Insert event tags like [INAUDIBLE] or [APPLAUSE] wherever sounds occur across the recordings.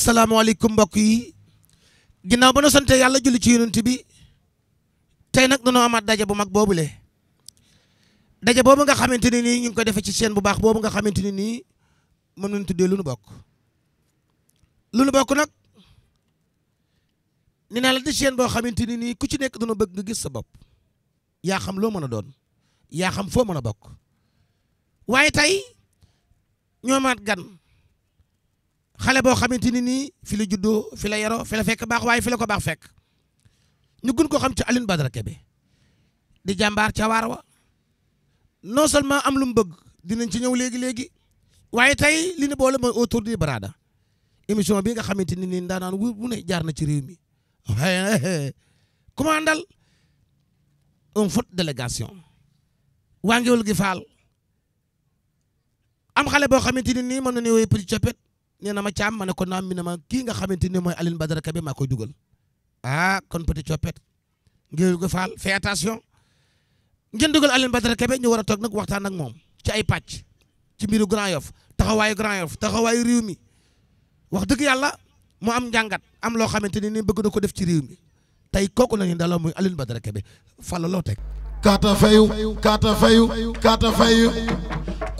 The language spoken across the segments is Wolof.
asalaamaaleykum mbokk yi ginnaaw ba nu sante yàlla julli ci yonent bi tey nag dañoo amaat daje bu mag boobu boobule daje boobu nga xamante ne nii ñu ngi ko defee ci seen bu baax boobu nga xamante ne nii moom lañ tuddee lu nu bokk lu nu bokk nag ni naa la di seen boo xamante ne nii ku ci nekk dana bëgg nga gis sa bopp yaa xam loo mën a doon yaa xam foo mën a bokk waaye tey ñoomaat gan xale boo xamante ni nii fi la juddoo fi la yaroo fi baax waaye fi ko baax fekk ñu gën koo xam ci Alioune Badara Kébé di jàmbaar ca waar wa non seulement am lu mu bëgg dinañ ci ñëw léegi léegi waaye tey li ñu boole mooy autour du Barada émission nga xamante ni nii ndaanaan wu bu ne jaar na ci réew mi waaye [LAUGHS] commandal un faute délégation waa gi faal am xale boo xamante ni nii mën na ne woy nee na ma caam ma ne ko naam mi ne ma kii nga xamante ne mooy Alioune Badara Kebe maa koy dugal ah kon petit coppet ngir ko faal fais attention ngeen dugal Alioune Badara Kebe ñu war a toog nag waxtaan ak moom ci ay pàcc ci mbiru Grand Yoff taxawaayu Grand Yoff taxawaayu réew mi wax dëgg yàlla mu am njàngat am loo xamante ne ni bëgg na ko def ci réew mi tey kooku na ñu daloo muy Alioune Badara Kebe fàllaloo teg. kaata fayu kaata fayu kaata fayu.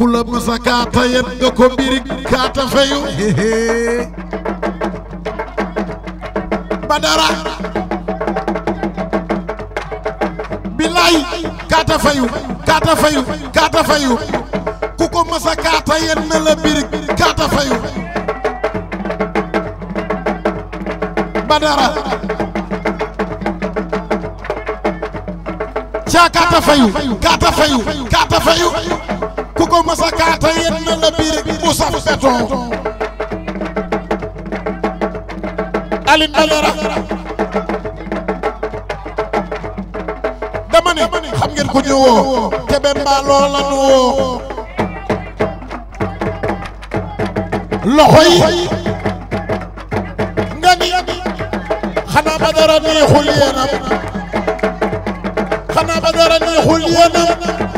ku la masa kaata yet nga ko mbirig kaata fayu badara bilaay kaata fayu kaata fayu kaata ku ko masa kaata yet na la birig kaata fayu badara caa kaata fayu kaata fayu ku ko mas a kaata yenn la biir bu saf béton Alioune Badara dama ne xam ngeen ku ñu woo Kébé Mballo la ñu woo loxo yi nga ni xanaa Badara neexul yéenam xanaa Badara neexul yéenam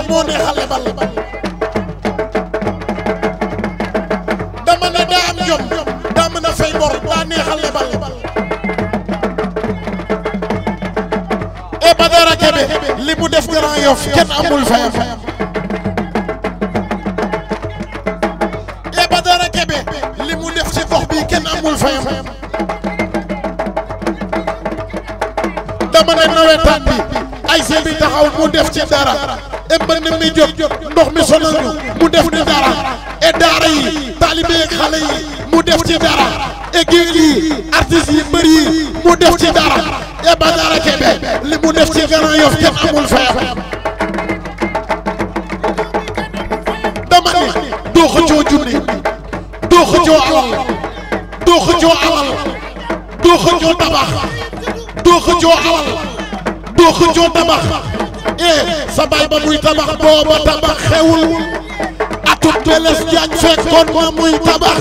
ngor dama ne daa am jom daa mën a fay bor daa ne xale bal e Badara Kebe li mu def Grand Yoff kenn e ci gox bi kenn amul fayam dama ne nawetaan bi ay seen mu def ci dara et mbënd mi jóg ndox mi sonal ñu mu def ci dara et daara yi taalibe ak xale yi mu def ci dara et yi artistes yi mbër yi mu def ci dara et Kebe li mu def ci Grand Yoff kenn amul fayam dama ne doo xëccoo junni doo xëccoo alal doo xëccoo tabax doo xëccoo alal doo xëccoo tabax eh sa ba muy tabax booba tabax xewul atut Blaise Diagne fekkoon na muy tabax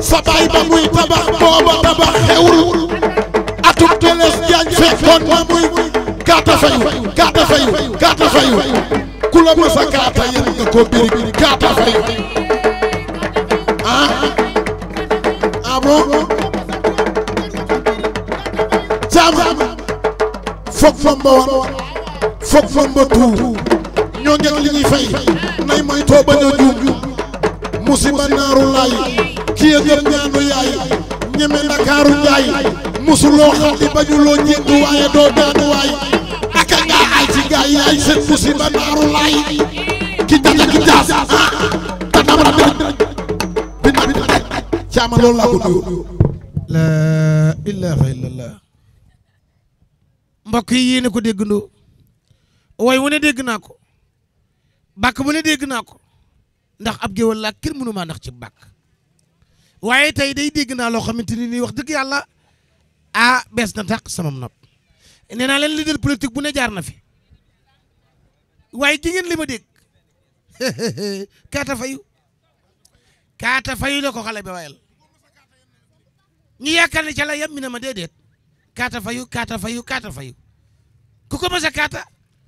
sa ba muy tabax booba tabax xewul atut Blaise Diagne fekkoon na muy kaata fayu kaata fayu kaata fayu ku la a kaata yéen nga ko birig kaata fayu ah ah bon jàmm foog fa mbawoon foog ma mbëtu ñoo ngeen li ñuy fay nay mooy bañ a juum musiba naaru laay kii a gëm ñaanu ñeme ndakaaru njaay musuloo xam li bañuloo njëndu waaye doo daanu waay aka ngaa ci gaay yaay seen musiba naaru laay ki jaga ki jaas ah tatam rabbi bin bin caama loolu laa laa ilaaha illallaah mbokk yi yéen ko way wu ne dégg naa ko bakk bu ne dégg naa ko ndax ab géwal laa kenn mënu maa ndax ci bàkk waaye tey day dégg naa loo xamante ni nii wax dëgg yàlla ah bees na tàq sama nopp nee naa leen leader politique bu ne jaar na fi waaye gi ngeen li ma dégg [LAUGHS] kaata fayu kaata fayu la ko yaakaar ne ca la mi ne ma déedéet kaata fayu kaata fayu kaata fayu ku ko mos kaata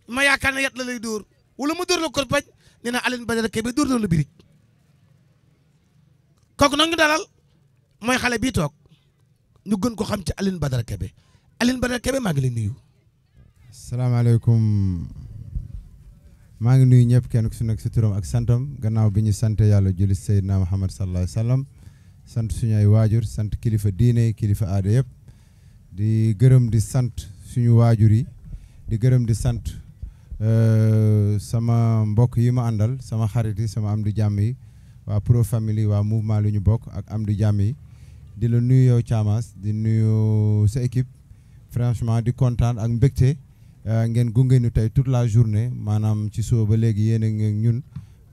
ma yaakaar na yat la lay dóor wala mu dóor la korpañ nee na Alioune Badara Kébé dóor na la birig kooku nag ñu dalal mooy xale bi toog ñu gën ko xam ci Alioune Badara Kébé Alioune Badara Kébé maa ngi lay nuyu. salaamaaleykum maa ngi nuyu ñëpp kenn ku si nekk si turam ak santam gannaaw bi ñu sant yàlla julli Seydina Muhammad sallallahu alayhi sant suñu ay waajur sant kilifa diine kilifa aada yëpp di gërëm di sant suñu waajur yi di gërëm di sant. Euh, sama mbokk yi ma àndal sama xarit yi sama am di jàmm yi waa pro famille waa mouvement lu ñu bokk ak am di jàmm yi di la nuyu yow Thiamas di nuyu sa équipe franchement di kontaan ak mbégte euh, ngeen gunge nu tey tout la journée maanaam ci suba ba léegi yéen a ñun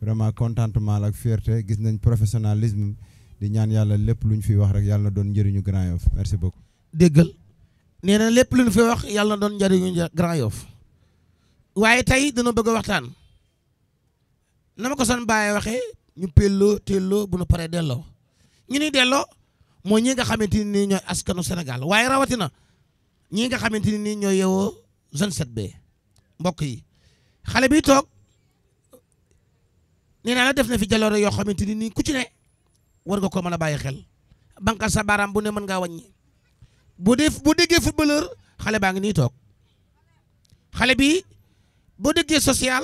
vraiment contentement ak fierté gis nañ professionnalisme di ñaan yàlla lépp lu ñu fi wax rek yàlla na doon njëriñu Grand Yoff merci waye tay dañu bëgg waxtaan nama ko son baye waxe ñu pello tello bu ñu paré dello ñi ni dello mo ñi nga xamanteni ni askanu Sénégal waaye rawatina ñi nga xamanteni ni yewo yeewoo zone 7B mbokk yi xalé bi tok ni na la def na fi jaloro yo xamanteni ni ku ci ne war nga ko mëna baye xel banqal sa baram bu ne mën nga wañi bu def bu déggé footballeur xalé bi boo déggee social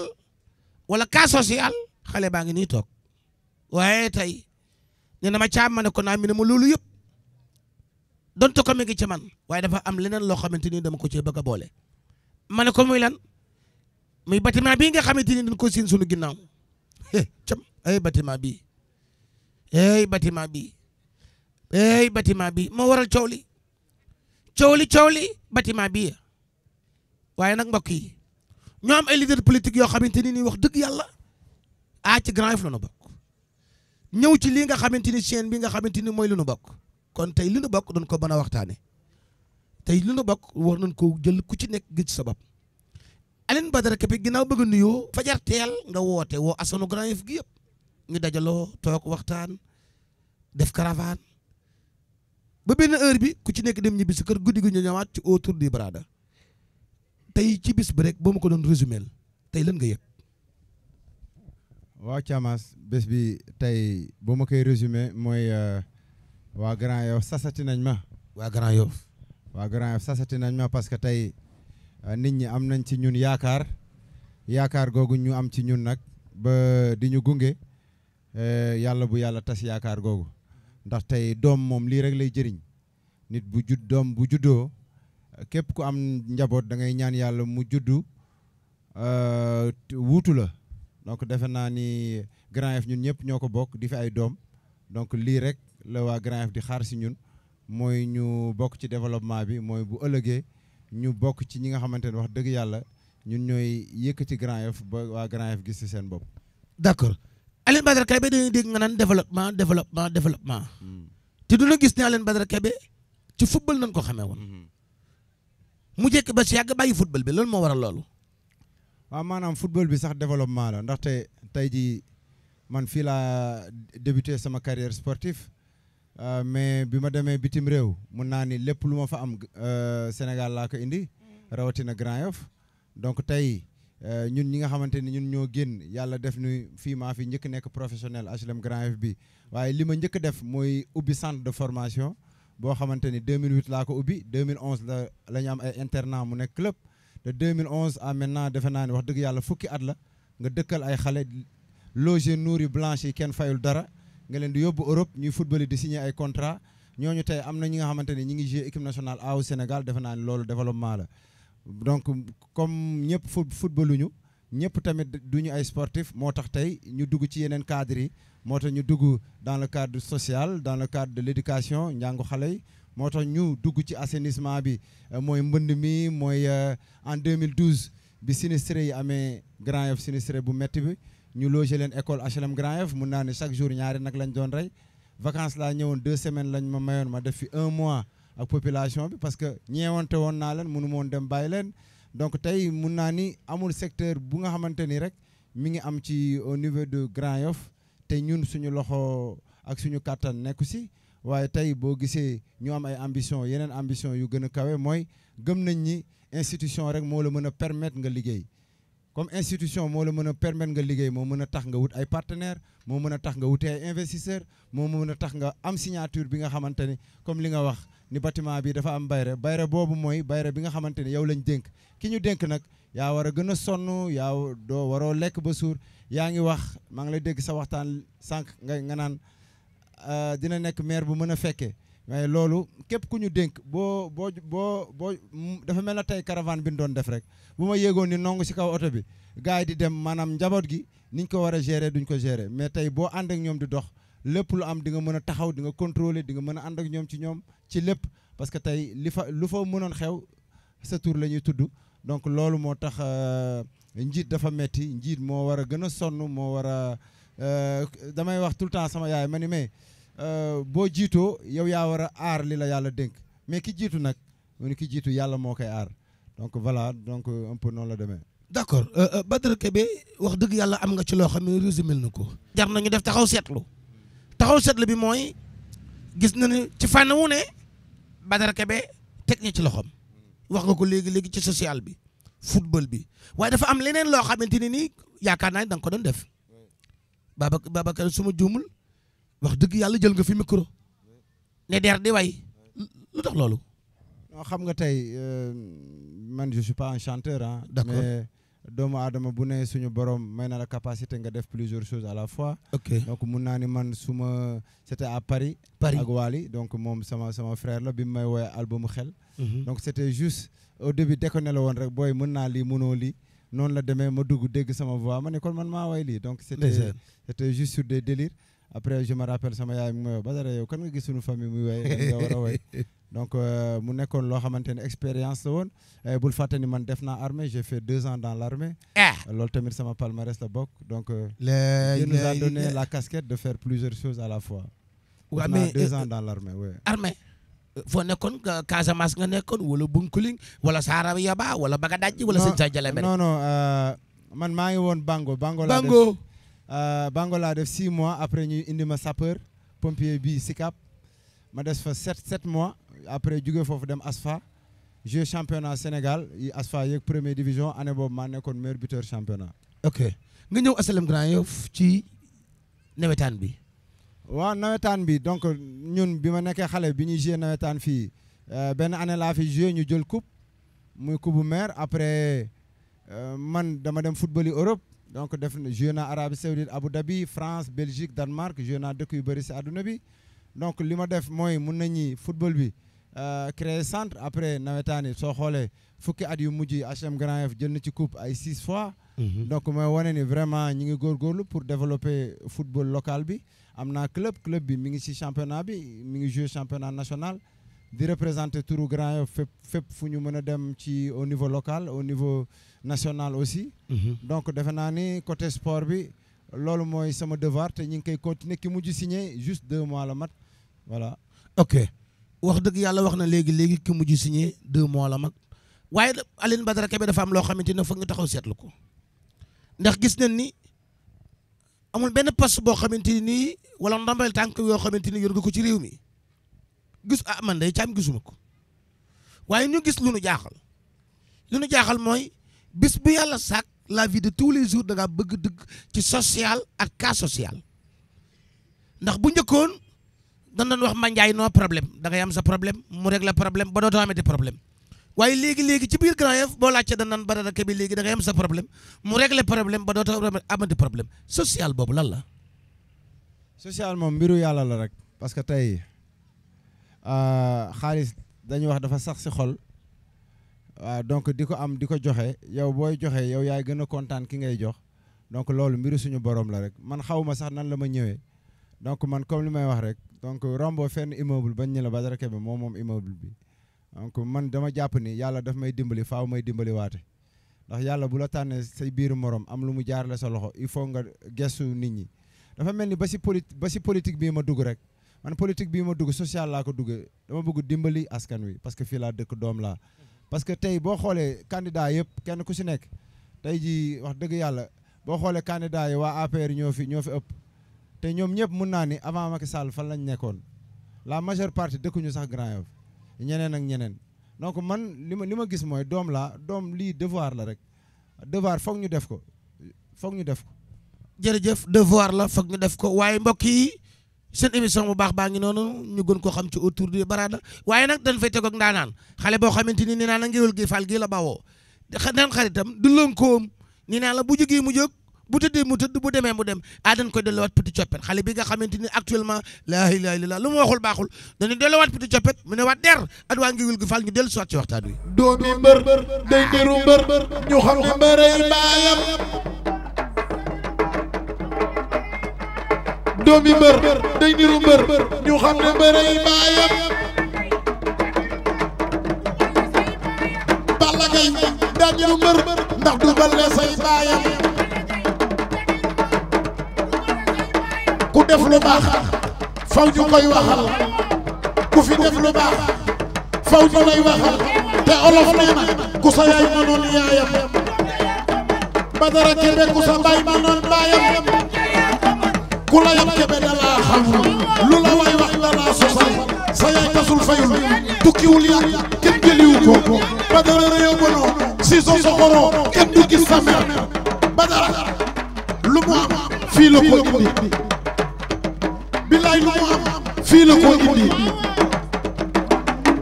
wala cas social xale baa ngi nii toog waaye tey nee na ma caam ma ne ko naa mi ne ma loolu yëpp donte ko mi ngi ci man waaye dafa am leneen loo xamante ni dama ko cee bëgg a boole. ma ne ko muy lan muy bâtiment bii nga xamante ni dañ ko siin sunu ginnaaw eh, cam ay bâtiment bii ay bâtiment bii ay bâtiment bii moo waral coow li coow li coow li bâtiment bii waaye nag mbokk yi. ñoo am ay leader politique yoo xamante ni wax dëgg yàlla ah ci Grand Yoff la nu bokk ñëw ci lii nga xamante ni chaîne bi nga xamante ni mooy lu nu bokk kon tey lu nu bokk doon ko mën a waxtaane tey li nu bokk war nañ ko jël ku ci nekk gis sa bopp Aline Badara Kébé ginnaaw bëgg a nuyoo fajar teel nga woote woo asanu Grand Yoff gi yëpp ñu dajaloo toog waxtaan def caravane ba benn heure bi ku ci nekk dem ñibbi si kër guddi gi ñu ñëwaat ci autour du Barada tey ci bis bi rek boo ma ko doon résumé tey lan nga yëg. waaw Thiamas bés bi tey boo ma koy résumé mooy euh, waa Grand Yoff sasati nañ ma. waa Grand Yoff. waa Grand sasati nañ ma parce que tey euh, nit ñi am nañ ci ñun yaakaar yaakaar googu ñu am ci ñun nag ba di ñu gunge euh, yàlla bu yàlla tas yaakaar googu ndax tey doom moom lii rek lay jëriñ nit bu jud doom bu juddoo. képp ku am njaboot da ngay ñaan yàlla mu juddu euh, wuutu la donc defe naa ni Grand Yoff ñun ñëpp ñoo ko bokk di fi ay doom donc lii rek la waa Grand Yoff di xaar si ñun mooy ñu bokk ci développement bi mooy bu ëllëgee ñu bokk ci ñi nga xamante ne wax dëgg yàlla ñun ñooy yëkkati Grand Yoff ba waa Grand Yoff gis si seen bopp. d'accord Alioune Badara Kébé dañuy dégg nga naan développement développement développement. Hmm. te du na gis ne Alioune Badara Kébé ci football nañ ko xamee woon. Hmm. mu jekk ba si yàgg bàyyi football bi loolu moo waral loolu. waaw maanaam football bi sax développement la ndaxte tey jii man fii laa débuté sama carrière sportive euh, mais bi ma demee bitim réew mun naa ni lépp lu ma fa am euh, Sénégal laa ko indi rawatina Grand Yoff donc tey. Euh, ñun ñi nga xamante ni ñun ñoo génn yàlla def nu fii maa fi njëkk nekk professionnel HLM Grand Yoff bi waaye li ma njëkk def mooy ubbi centre de formation bo xamanteni 2008 la ko ubbi 2011 la la ñu am ay internat mu nekk club de 2011 à maintenant defe naa wax dëgg yalla fukki at la nga dëkkal ay xalé loger nourri blanche yi kenn fayul dara nga leen di yobbu Europe ñuy football di signer ay contrat ñoñu tay amna ñi nga xamanteni ñi ngi jouer équipe nationale A au Sénégal defe naa ne développement la donc comme ñëpp footballuñu ñepp tamit duñu ay sportif motax tay ñu dugg ci yenen cadre yi moo tax ñu dugg dans le cadre social dans le cadre de l'éducation njàngu xale yi moo tax ñu dugg ci assainissement bi euh, mooy mbënd mi mooy euh, en 2012 bi sinistré yi amee Grand Yoff sinistré bu métti bi ñu logé leen école HLM Grand Yoff mun naa ne chaque jour ñaari nag lañ doon rey vacances laa ñëwoon deux semaines lañ ma mayoon ma def fi un mois ak population bi parce que ñeewante woon naa leen mënu moon dem bàyyi leen donc tey mun naa ni amul secteur bu nga xamante ni rek mi ngi am ci au niveau de Grand Yoff te ñun suñu loxo ak suñu kàttan nekku si waaye tey boo gisee ñu am ay ambition yeneen ambition yu gën a kawe mooy gëm nañ ñi institution rek moo la mën a permettre nga liggéey comme institution moo la mën a permettre nga liggéey moo mën a tax nga wut ay partenaire moo mën a tax nga wute ay investisseur moo mën a tax nga am signature bi nga xamante ni comme li nga wax ni bâtiment bi dafa am bayre bayre boobu mooy bayre bi nga xamante ni yow lañu dénk ki ñu dénk nag yaa war a gën a sonn yaa doo waroo lekk ba suur yaa ngi wax maa ngi lay dégg sa waxtaan sànq nga nga naan euh, dina nekk maire bu mën a fekkee waaye loolu képp ku ñu dénk boo boo boo boo dafa mel na tey caravane bi ñu doon def rek bu ma yéegoon ni nongu si kaw oto bi gars yi di dem maanaam njaboot gi niñ ko war a gérer duñ ko gere mais tey boo ànd ak ñoom di dox lépp lu am di nga mën a taxaw di nga contrôler di nga mën a ànd ak ñoom ci ñoom ci lépp parce que tey li fa lu fa mënoon xew sa tour la ñuy tudd donc loolu moo tax euh, njiit dafa metti njiit moo war a gën a sonn moo war a euh, damay wax tout temps sama yaay ma ni mais euh, boo jiitoo yow yaa war a aar li la yàlla dénk mais ki jiitu nag mu ki jiitu yàlla moo koy aar donc voilà donc un peu noonu la demee. d'accord euh, Badara Kebe wax dëgg yàlla am nga ci loo xam ne na ko. jar nañu def taxaw seetlu taxaw seetlu bi mooy gis na nañu ci fànn wu ne Badara Kebe teg na ci loxoom wax nga ko léegi léegi ci sociale bi. football bi waaye dafa am leneen loo xamante ne nii yaakaar naa ne da nga ko doon def Baba Babacar suma ma juumul wax dëgg yàlla jël nga fi micro ne der di way lu tax loolu. non xam nga tey euh, man je suis pas un chanteur ah. d'accord doomu adama bu ne suñu borom may na la capacité nga def plusieurs choses à la fois. ok mun naa ni man suma ma c'était à Paris. Paris ak Wally donc moom sama sama frère la bi mu may woowee albumu xel. Mhm. donc c'était juste. au début déconné la woon rek boy, mën naa lii mënoo non noonu la démé ma dugg dégg sama voix mané kon man ma way li donc c'était c'était juste sur des délires après je me rappelle sama yaay mu may Badara yow kan nga gis suñu famille muy way nga war way [LAUGHS] donc euh, mu nekkoon loo xamante ne expérience la woon bul fàtte ni man def naa armée j'ai fait deux ans dans l'armée ah! loolu tamit sama palmarès la bokk donc euh, il nous a donné euh, la casquette de faire plusieurs choses à la fois def naa deux ans dans l'armée oui armée foo nekkoon Casamance nga nekkoon wala Bunkiling wala Saara Yaba wala Bagadaji wala Sëñ Sa Jalle non non euh, man maa ngi woon Bango Bango laa def euh, Bango laa def six mois après ñuy indi ma sapeur pompier bi Sicap ma des fa sept sept mois après jóge foofu dem Asfa jeu championnat Sénégal yi Asfa yeg premier division année boobu maa nekkoon meilleur buteur ok nga ñëw asalam grand yow ci nawetaan bi waaw nawetaan bi donc ñun bi ma nekkee xale bi ñuy joué nawetaan fii euh, benn année laa fi joué ñu jël coupe muy coupe bu maire après euh, man dama dem football yi Europe donc def joué naa Arabie Saoudite Abu Dhabi France Belgique Danemark joué naa dëkk yu bëri si àdduna bi donc li ma def mooy mun nañu football bi. Euh, créé centre après Nawetani soo xoolee fukki at yu mujj HM Grand Yoff jël ci coupe ay six fois. Mhm. donc moy wane ni vraiment ñi ngi gorlu pour développer football local bi. amna club club bi mi ngi ci championnat bi mi ngi jouer championnat national di représenter turu Grand Yoff fépp fépp fu ñu dem ci au niveau local au niveau national aussi. Mhm. donc defe naa ni côté sport bi lolu moy sama devoir te ñi ngi koy continuer ki mujj signé juste 2 mois la mat voilà. ok. wax dëgg yàlla wax na léegi léegi ki mujj signé deux mois la mag waaye Aline Badara Kebe dafa am loo xamante ne foog nga taxaw seetlu ko ndax gis na ni amul benn poste boo xamante ni wala ndombal tànk yoo xamante ni yor ko ci réew mi gis ah man day caam gisuma ko waaye ñu gis lu nu jaaxal lu nu jaaxal mooy bis bu yàlla sàkk la vie de tous les jours da bëgg dëgg ci social ak cas social ndax bu njëkkoon. doon doon wax manjaay noo problème da ngay am sa problème mu régler problème ba dootoo amati problème waaye léegi-léegi ci biir Grand Yoff boo laajte dañ naan Badara Kebe am sa problème mu régler problème ba dootoo amati problème social boobu lan la social moom mbiru yàlla la rek parce que tey euh, xaalis dañuy wax dafa sax si xol waaw euh, donc di ko am di ko joxe yow booy joxe yow yaay gën a kontaan ki ngay jox donc loolu mbiru suñu borom la rek man xawuma sax nan la ma ñëwee donc man comme li may wax rek donc rombo fenn immeuble bañ ñu la Badara Kebe moom moom immeuble bi donc man dama jàpp ni yàlla daf may dimbali faaw may dimbali waate ndax yàlla bu la tànnee say biiru morom am lu mu jaarale sa loxo il faut nga gestu nit ñi dafa mel ni ba si poli ba si politique bii ma dugg rek man politique bii ma dugg social laa ko duggee dama bëgg dimbali askan wi parce que fii laa dëkk doom laa parce que tey boo xoolee candidat yëpp kenn ku si nekk tey ji wax dëgg yàlla boo xoolee candidat yi waa APR te ñoom ñëpp mun naa ni avant Macky Sall fan lañ nekkoon la majeure partie dëkkuñu sax Grand Yoff ñeneen ak ñeneen donc man ni ma li ma gis mooy doom laa doom lii devoir la rek devoir foog ñu def ko foog ñu def ko. jërëjëf devoir la foog ñu def ko waaye mbokk yi seen émission bu baax baa ngi noonu ñu gën koo xam ci autour du Barada waaye nag dañ fay teg ak ndaanaan xale boo xamante ni nee naan la ngéwél gi fal gii la bawoo. neen xaritam du lënkoom nee naa la bu jógee mu jóg bu tëddee mu tëdd bu demee mu dem ah dañ koy delluwaat petit chopet xale bi nga xamanteni actuellement la ilaha illallah lu mo waxul baxul dañu delluwaat petit chopet mu ne der at waa ngi wul gu fal ñu dellu soit ci waxtaan wi doomi mbër day niru mbeur ñu xam ne bayam baayam doomi mbër day niru mbeur ñu xam ne yi baayam Balla Gaye daa niru mbeur ndax du balle say baayam ku def lu baax faw ñu koy waxal ku fi def lu baax faw ñu lay waxal te olof nee na ku sa yaay mënoon yaayam Badara Kebe ku sa baay mënoon baayam ku la yam Kebe dalaa xam lu la waay wax dalaa sosal sa yaay tasul fayul tukkiwul ya kenn jëliwu ko Badara réew mënoo si soo du gis Badara lu mu fii la ko Baye lu mu am fii la ko indi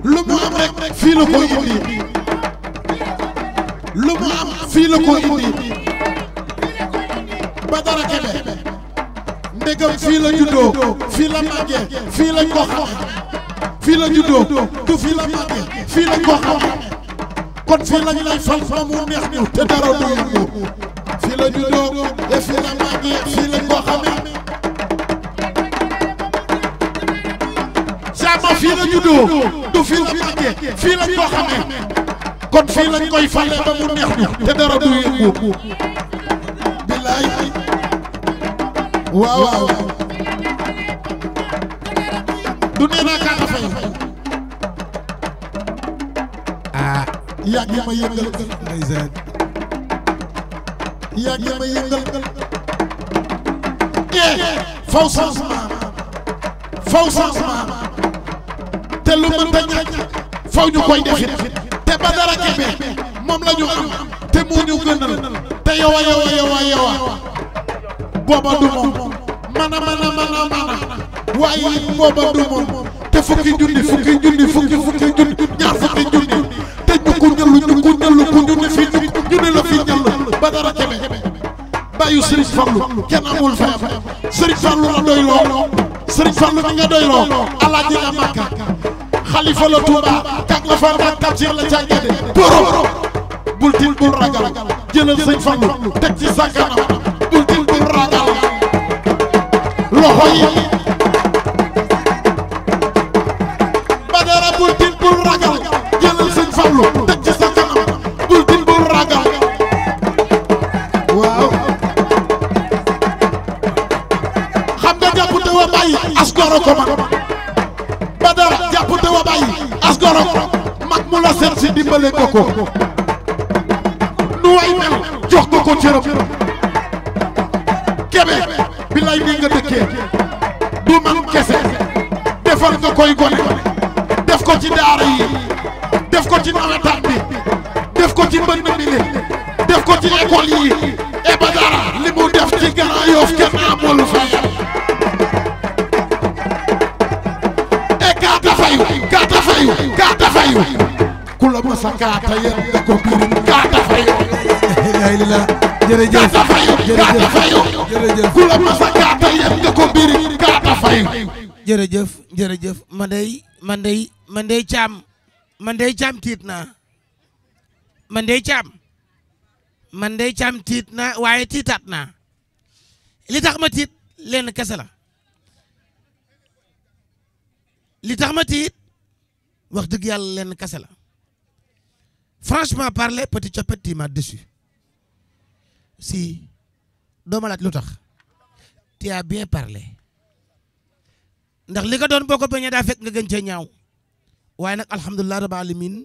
lu mu am rek fii la ko indi lu mu am fii la ko indi Badara Kebe ndegam fii la juddoo fii la màggee fii la ko xam fii la juddoo du fii la màggee fii la ko xam kon fii lañ lay fal fa mu neex ñu te dara du yëngu fii la juddoo te fii la màggee fii la ko xamee Bamba fii la juddoo du fii la màggee fii kon fii lañ koy falee ba mu neex ñu dara du yëngu bilaay waaw waaw du nee naa kaa dafay ah yàgg ma yëngal ndeysaan yàgg faw sans maam faw sans maam te lu mënta ñàkk faw ñu koy defit te Badara Kebe moom la ñu am te moo ñu gënal te yowa yowa yowa yowa booba du moom mana mana mana mana waaye it booba du moom te fukki junni fukki junni fukki fukki junni ñaar fukki junni te ñu ku ñëlu ñu ku ñëlu ku ñu ne fii ñu ne la fii ñëlu Badara Kebe bàyyu Serigne Fallou kenn amul fayam Serigne Fallou la doy loo Serigne mi nga doy loo alaaji la xalifa la Touba kak la far ak tafsir la càngede poro bul til bul ragal jëlal sëñ Fallu teg ci sa kanam bul til bul ragal loxo yi badara bul til bul ragal jëlal sëñ Fallu teg ci sa kanam bul til bul ragal waaw xam nga jàpp te wa bàyyi as goro ko man goro mag mu la seet si dimbale ko ko nu way mel jox ko ko cërëm kebe bi lay nga dëkkee du man kese defal nga koy gone def ko ci daara yi def ko ci nawetaan bi def ko ci mbënd mi li def ko ci école yi e li mu def ci Grand Yoff kenn sakaata yéen da ko biirum kaata fayu la ilaha jërëjëf kaata fayu kaata fayu jërëjëf ku la ma sakaata yéen da ko biirum kaata fayu jërëjëf jërëjëf man day man day man day caam man day caam tiit naa man day caam man day caam tiit naa waaye tiitaat naa li tax ma tiit lenn kese la li tax ma tiit wax dëgg yàlla lenn kese la franchement parler petit copet yi ma déçu si doma laaj lu tu as bien parlé ndax li nga doon boo ko bañee daa fekk nga gën cee ñaaw waaye nag alhamdulilah rabbil alamin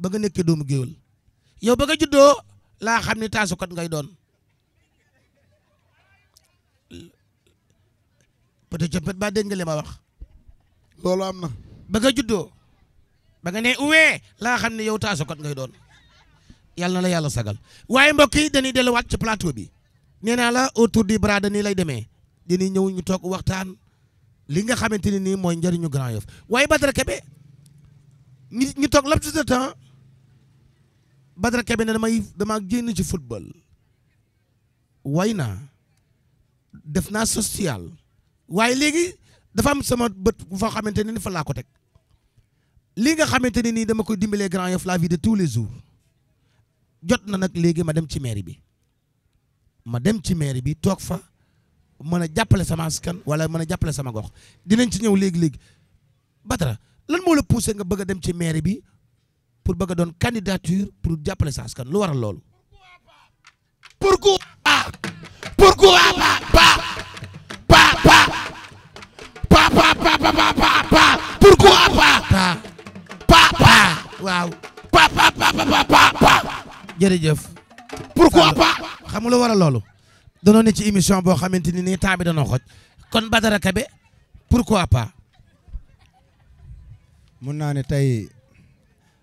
ba nga nekkee doomu géwél yow ba nga juddoo laa xam ngay don petit copet ba dégg nga li wax loolu ba nga ba nga ne uwee laa xam ne yow taasukat ngay doon yàlla na la yàlla sagal waaye mbokki yi dañuy delluwaat ci plateau bi nee naa la autour du bras dañuy lay demee dañuy ñëw ñu toog waxtaan li nga xamante ne nii mooy njëriñu Grand Yoff waaye Badara Kebe ñu ñu toog laps de temps Badara Kebe ne damay dama génn ci football way naa def naa social waaye léegi dafa am sama bët bu fa xamante ne ni laa ko teg lii nga xamante ne nii dama koy dimbalee Grand Yoff la vie de tous les jours jot na nag léegi ma dem ci mairie bi ma dem ci mairie bi toog fa mën a jàppale sama askan wala mën a jàppale sama gox dinañ ci ñëw léegi-léegi Badara lan moo la poussé nga bëgg a dem ci mairie bi pour bëgg doon candidature pour jàppale sa askan lu waral loolu pourquoi pas pourquoi pas pas pas pas pas pas pas pas pas pourquoi pas Wow. pourquoi pas. xam wara lu war ne ci émission pas xamante ni pourquoi pas. Mon naa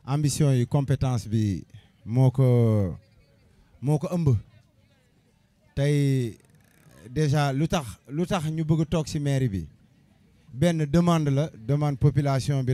ambition et compétence bi moko moko déjà lutax lutax ñu bëgg bi Ben demande la demande population bi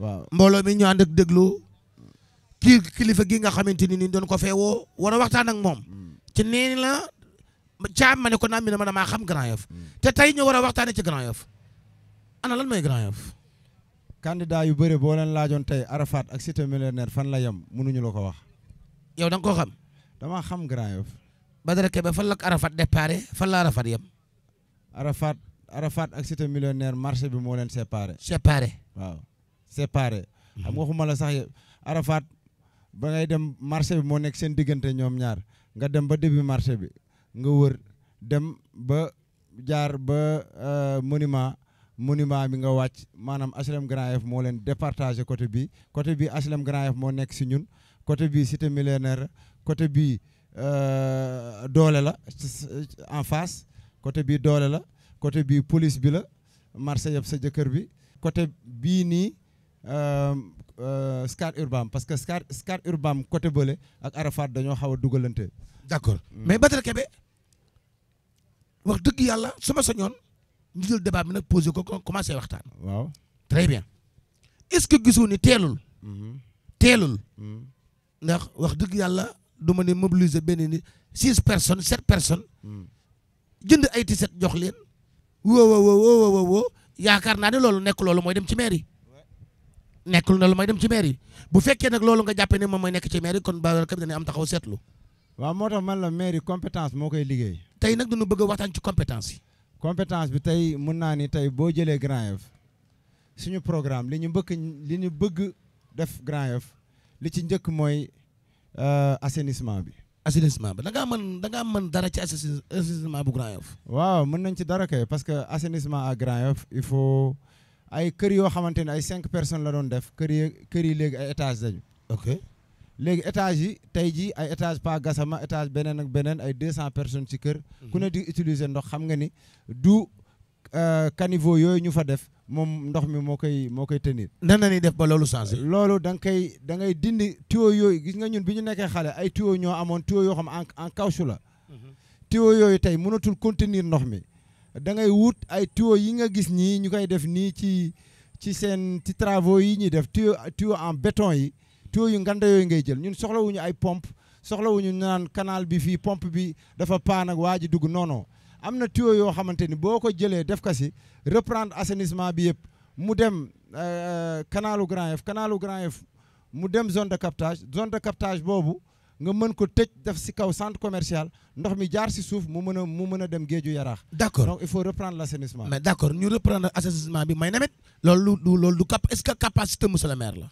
waaw mbooloo mi ñu ànd ak déglu kii kilifa gi nga xamante ni doon ko feewoo woo war a waxtaan ak moom. Mm. ci nee la caam ma ne ko naan mi ne ma damaa xam Grand Yoff. Mm. te tey ñu war a waxtaanee ci Grand Yoff. ana lan mooy Grand Yoff. candidat yu bëri boo leen laajoon tey Arafat ak Cité Millionnaire fan la yem mënuñu la ko wax. yow da nga koo xam. damaa xam Grand Yoff. Badara Kebe fan la ak Arafat fan la Arafat yem. Arafat Arafat ak Cité millionaire marché bi moo leen séparé. séparé waaw. séparé. xam nga mhm. waxuma la sax Arafat ba ngay dem marché bi moo nekk seen diggante ñoom ñaar nga dem ba début marché bi nga wër dem ba jaar ba euh, monument monument bi nga wàcc maanaam HLM Grand Yoff moo leen départagé côté bii côté bii HLM Grand Yoff moo nekk si ñun côté bii cité millénaire côté bii euh, doole la en face côté bii doole la côté bii police bi la marché yëpp sa jëkkër bi côté bii nii Euh, euh, Scar Urbam parce que Scar Urbam côté ak Arafat d'accord mm. mais wax débat bi ko waaw très bien est-ce que gisoo ni télul mm-hmm. mm-hmm. ndax wax dëgg yalla duma ni mobiliser ben ni 6 personnes 7 personnes. Mm. jënd ay jox dem ci mairie. nekkul na lu may dem ci maire yi bu fekkee nag loolu nga jàppe ne moom mooy nekk ci maire yi kon ba kam dana am taxaw seetlu waaw moo tax man la maire yi compétence moo koy liggéey tey nag dañu bëgg a waxtaan ci compétence yi compétence bi tey mun naa ni tey boo jëlee Grand Yoff suñu programme li ñu bëgg li ñu bëgg def Grand Yoff li ci njëkk mooy euh, assainissement bi assainissement bi da ngaa mën da ngaa mën dara ci assainissement bu Grand Yoff waaw mën nañ ci dara kay parce que assainissement à Grand Yoff il faut ay kër yoo xamante ne ay cinq personnes la doon def kër yi kër yi léegi ay étages lañu. ok léegi étages yi tey jii ay étages pas gasama étage beneen ak beneen ay deux cent personnes ci kër. Mhm. ku ne di utiliser ndox xam nga ni du euh, caniveau yooyu ñu fa def moom ndox mi moo koy moo koy tenir. nan la def ba loolu changé. loolu da nga koy da dindi tuyau yooyu gis nga ñun bi ñu nekkee xale ay tuyau ñoo amoon tuyau yoo xam en en caoutchouc la. Mhm. tuyau yooyu tey mënatul contenir ndox mi. da ngay wut ay tuyaux yi nga gis nii ñu koy def nii ci ci seen ci travaux yi ñuy def tuyaux tuyaux en béton yi tuyaux yu nganda yooyu ngay jël ñun soxlawuñu ay pompe ñu naan canal bi fii pompe bi dafa paan ak waa ji dugg noonoo am na tuyaux yoo xamante ni boo ko jëlee def ko si reprendre assainissement bi yëpp mu dem euh, canalu Grand Yoff canalu Grand Yoff mu dem zone de captage zone de captage boobu nga mën ko tëj def si kaw centre commercial ndox mi jaar si suuf mu mën a mu mën a dem géeju yaraax d'accord donc il faut reprendre l'assainissement mais d'accord ñu reprendre assainissement bi may nawet loolu du loolu du cap est-ce que capacité monsieur le maire la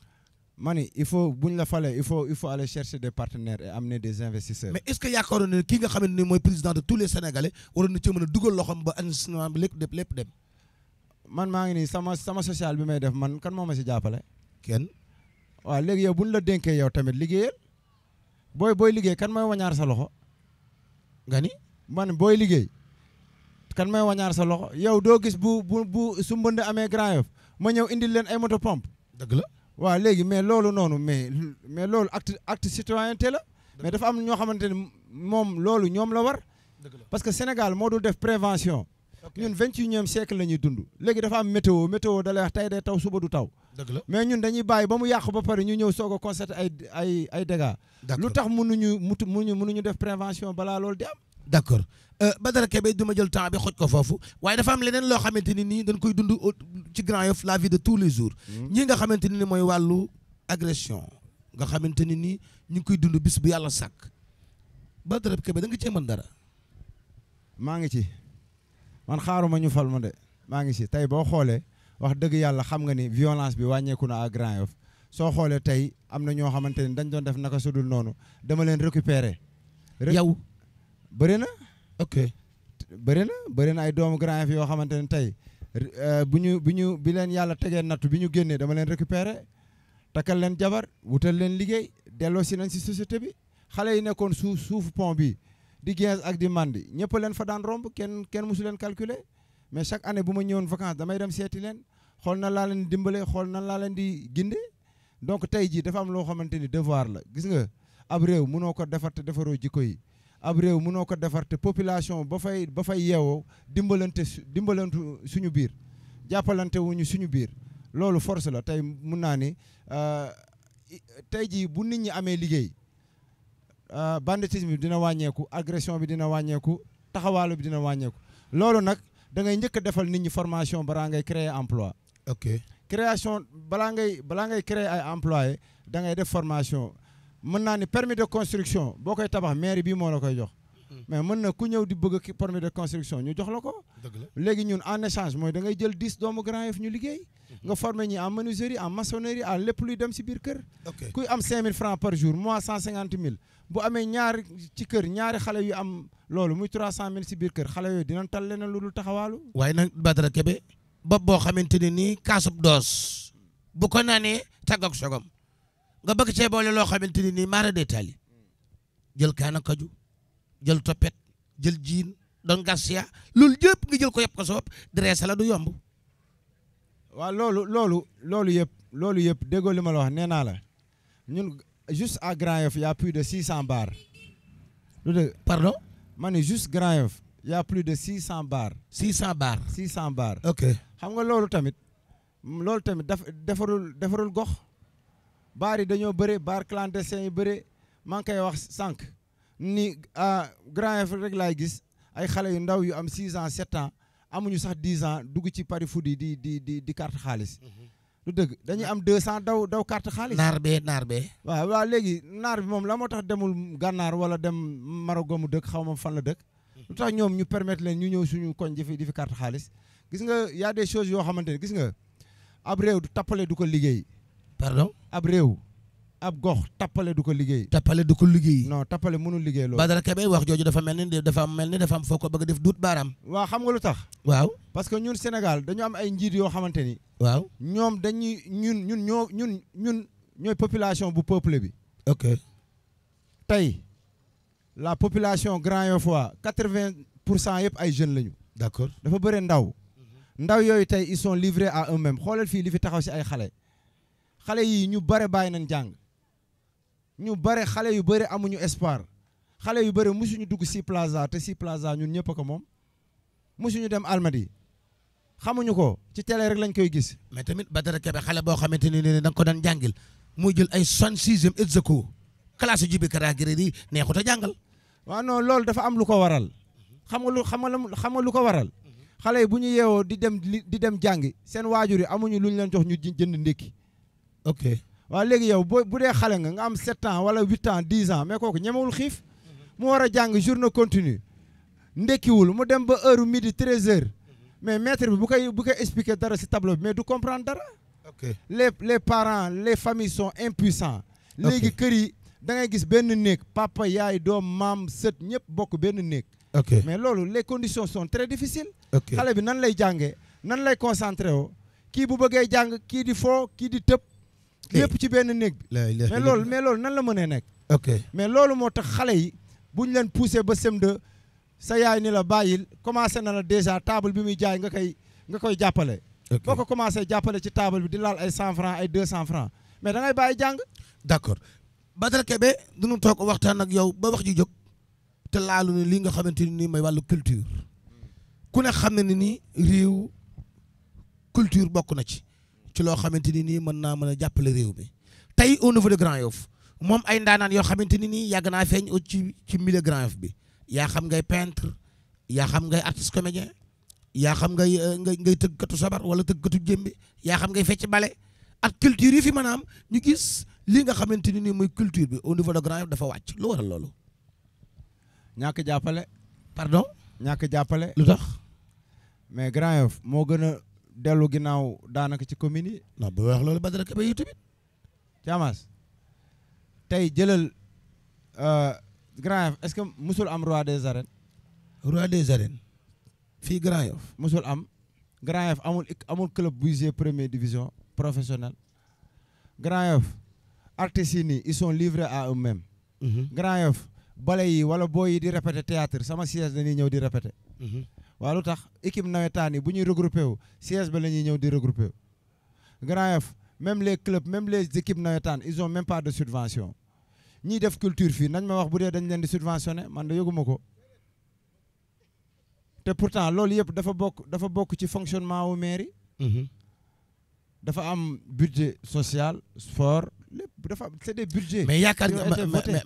ma ni il faut bu ñu la falee il faut il faut aller chercher des partenaires et amener des investisseurs. mais est-ce que a ne ki nga xam ne mooy président de tous les sénégalais waroon na ci mën a dugal loxoom ba assainissement bi lépp dem lépp dem. man maa ngi nii sama sama social bi may def man kan moo ma si jàppale. kenn waaw léegi yow bu ñu la dénkee yow tamit liggéeyal. booy booy liggéey kan mooy wañaar sa loxo nga ni man booy liggéey kan mooy wañaar sa loxo yow doo gis bu bu bu su mbënd amee Grand Yoff ma ñëw indil leen ay moto pompe dëgg la waaw léegi mais loolu noonu mais mais loolu acte acte citoyenneté la mais dafa am ñoo xamante ne moom loolu ñoom la war parce que Sénégal moo dul def prévention ñun vingt et unième siècle la ñuy dund léegi dafa am météo météo da lay wax tey day taw suba du taw mais ñun dañuy bàyyi ba mu yàqu ba pare ñu ñëw soog a constater ay ay ay dégâts. lu tax mënuñu mutu mënuñu mënuñu def prévention balaa loolu di am. d' accord euh, Badara Kebe du ma jël temps xoj ko foofu waaye dafa am leneen loo xamante ni nii dañ koy dund ci Grand Yoff la vie de tous les jours. Hmm. ñi nga xamante ni mooy wàllu agression. nga xamante ni nii ñu ngi koy dund bis bu yàlla sàkk Badara Kebe da nga cee mën dara. maa ngi ci man xaaruma ñu fal ma de maa ngi ci tey boo xoolee. wax dëgg yàlla xam nga ni violence bi wàññeeku na à Grand Yoff soo xoolee tey am na ñoo xamante ni dañ doon def naka sudul noonu dama leen récupérer yow bëri na ok bëri na bëri na ay doomu Grand Yoff yoo xamante ne tey euh, bu ñu bu ñu bi leen yàlla tegee nattu bi ñu génnee dama leen récupérer takkal leen jabar wutal leen liggéey delloo si nañ si société bi xale yi nekkoon suuf suufu pont bi di Guinz ak di Mandi ñëpp leen fa daan romb kenn kenn mosu leen calculer mais chaque année bu ma ñëwoon vacances damay dem seeti leen xool na laa leen dimbale xool nan laa leen di ginde donc tey jii dafa am loo xamante ni devoir la gis nga ab réew mënoo ko defar te defaroo jikko yi ab réew munoo ko defar te population ba fay ba fay yeewoo dimbalante dimbalante suñu biir jàppalante wuñu suñu biir loolu force la tey mun naa ni euh, tey jii bu nit ñi amee liggéey euh, banditisme bi dina wàññeeku agression bi dina wàññeeku taxawaalu bi dina wàññeeku loolu nag dangay njëkk defal nit ñi formation bara ngay créer emploi ok création balaa ngay balaa créer ay employé da ngay def formation mën naa ni permis de construction boo koy tabax mairie bi moo la jox. Hmm. mais mën na ku ñëw di bëgg permis de construction ñu jox la ko. ñun en échange mooy da ngay jël dix doomu Grand Yoff ñu liggéey. Hmm. nga former ñi en menuiserie en maçonnerie en lépp luy dem si biir kër. kuy am 5000 francs par jour mois cent cinquante bu amé ñaari ci kër ñaari xalé yu am loolu muy 300000 ci biir kër xalé yu dinañ talé na lu dul way waaye nag Badara Kebe bopp boo xamante ne nii kaasub doos bu ko naanee tàgg ak nga bëgg cee boole loo xamante ne nii maara détaali jël kaana kaju jël topet jël jiin doon gasia loolu yëpp nga jël ko yëpp ko sa bopp la du yomb waa loolu loolu loolu yëpp loolu yëpp déggoo li ma la wax nee naa la ñun juste à Grand a plus de 600 bars lu dëgg pardon ma ne juste Grand Yoff ya plus de 600 bars 600 bars 600 bars ok xam nga loolu tamit loolu tamit daf defarul defarul gox baar yi dañoo bëre baar clandestin yi bëre maa ngi koy wax sànq ni ah, grand F rek laay gis ay xale yu ndaw yu am 6 ans 7 ans amuñu sax 10 ans dugg ci pari foot yi di di di di carte xaalis. Mm-hmm. lu dëgg dañu am 200 daw daw carte xaalis. naar bee naar bee. waaw waaw léegi naar bi moom la moo tax demul gànnaar wala dem Maroc mu dëkk xaw ma fan la dëkk. Mm-hmm. lu tax ñoom ñu permettre leen ñu ñëw suñu koñ di fi di fi carte xaalis. gis nga y a des choses yoo xamante ne gis nga ab réew du tappale du ko liggéey. pardon ab réew. ab gox tappale du ko liggéey. tappale du ko liggéey. non tappale mënul liggéey loolu. Badara Kebe wax jooju dafa mel ni dafa mel ni dafa am foo ko bëgg def duut baaraam. waaw xam nga lu tax. waaw parce que ñun Sénégal dañu am ay njiit yoo xamante ni. waaw ñoom dañuy ñun ñun ñoo ñun ñun ñooy population bu peuple bi. ok tey la population Grand Yoff quatre-vingt pour cent yëpp ay jeunes lañu. d'accord dafa bëre ndaw ils sont livrés à eux-mêmes eux-mêmes. li fi taxaw à ay mêmes Ils sont ñu bare eux nañ Ils ñu bare à yu bare ils espoir livrés yu bare musuñu dugg sont plaza à plaza ñun ñëpp ko eux musuñu dem sont xamuñu ko ci télé rek lañ koy gis. mais tamit Badara Kebe xalé ne ko muy ay mêmes classe xalé buñu yéwo di dem di dem jàngi sen wajuri amuñu luñu leen jox ñu jënd ndéki ok wa légui yow boo bu dee xale nga nga am 7 ans wala 8 ans 10 ans mais kooku ñemewul xif mu wara jang journée continue ndéki wul mu dem ba heure midi 13 h mais maître bi bu koy bu koy expliquer dara ci tableau bi mais du comprendre dara ok les les parents les familles sont impuissants légui kër yi da ngay gis ben nek papa yaay do maam seut ñëpp bokk ben nek mais les conditions sont très difficiles. ok bi nan lay jangé, nan lay concentré qui Ki bu bëggé qui ki di fo, le di vous mais lolo, mais lolo, nan la mais lolo, motax yi ba sa yaay ni la commencé na la déjà table bi muy jaay nga nga commencé table bi di 100 francs 200 francs mais da ngay D'accord. Kebe du ñu ak yow ba te laalu ni li nga xamante ni nii mooy wàllu culture ku ne xam ne ni nii culture bokk na ci ci loo xamante ni nii mën naa mën a jàppale réew mi tey au niveau de Grand Yoff moom ay ndaanaan yoo xamante ni nii yàgg naa feeñ ci ci milieu Grand Yoff bi yaa xam ngay peintre yaa xam ngay artiste comédien yaa xam ngay euh, ngay ngay tëggkatu sabar wala tëggkatu jëmbi yaa xam ngay fecc bale ak culture yi fi maanaam ñu gis li nga xamante ni nii mooy culture bi au niveau de Grand Yoff dafa wàcc lu waral loolu ñàkk jappalé pardon ñàkk jappalé lutax mais Grand Yoff moo gën a dellu ginnaaw ci commune la bu wax loolu Badara Kebe yu tamit. Thiamas tay jëlal euh, Grand Yoff est-ce que musul am roi des arènes. roi des arènes. fi Grand Yoff. musul am Grand Yoff amul amul club buy jouer première division professionnel Grand Yoff artistes yi ils sont livrés à eux-mêmes. Mm-hmm. Grand Yoff bale wala booy di répéter théâtre sama siège dañuy ñëw di répéter hmm wa lutax équipe nawetaan buñuy regrouper ñuy wu siège ba la ñuy ñëw di regrouper wu même les clubs même les équipes nawetaan ils ont même pas de subvention ñi def culture fi nañ ma wax bu dé dañ leen di subventionné man da yëguma ko te pourtant lool yépp dafa bokk dafa bokk ci fonctionnement wu mairie mhm. dafa am budget social sport c'est des budgets. mais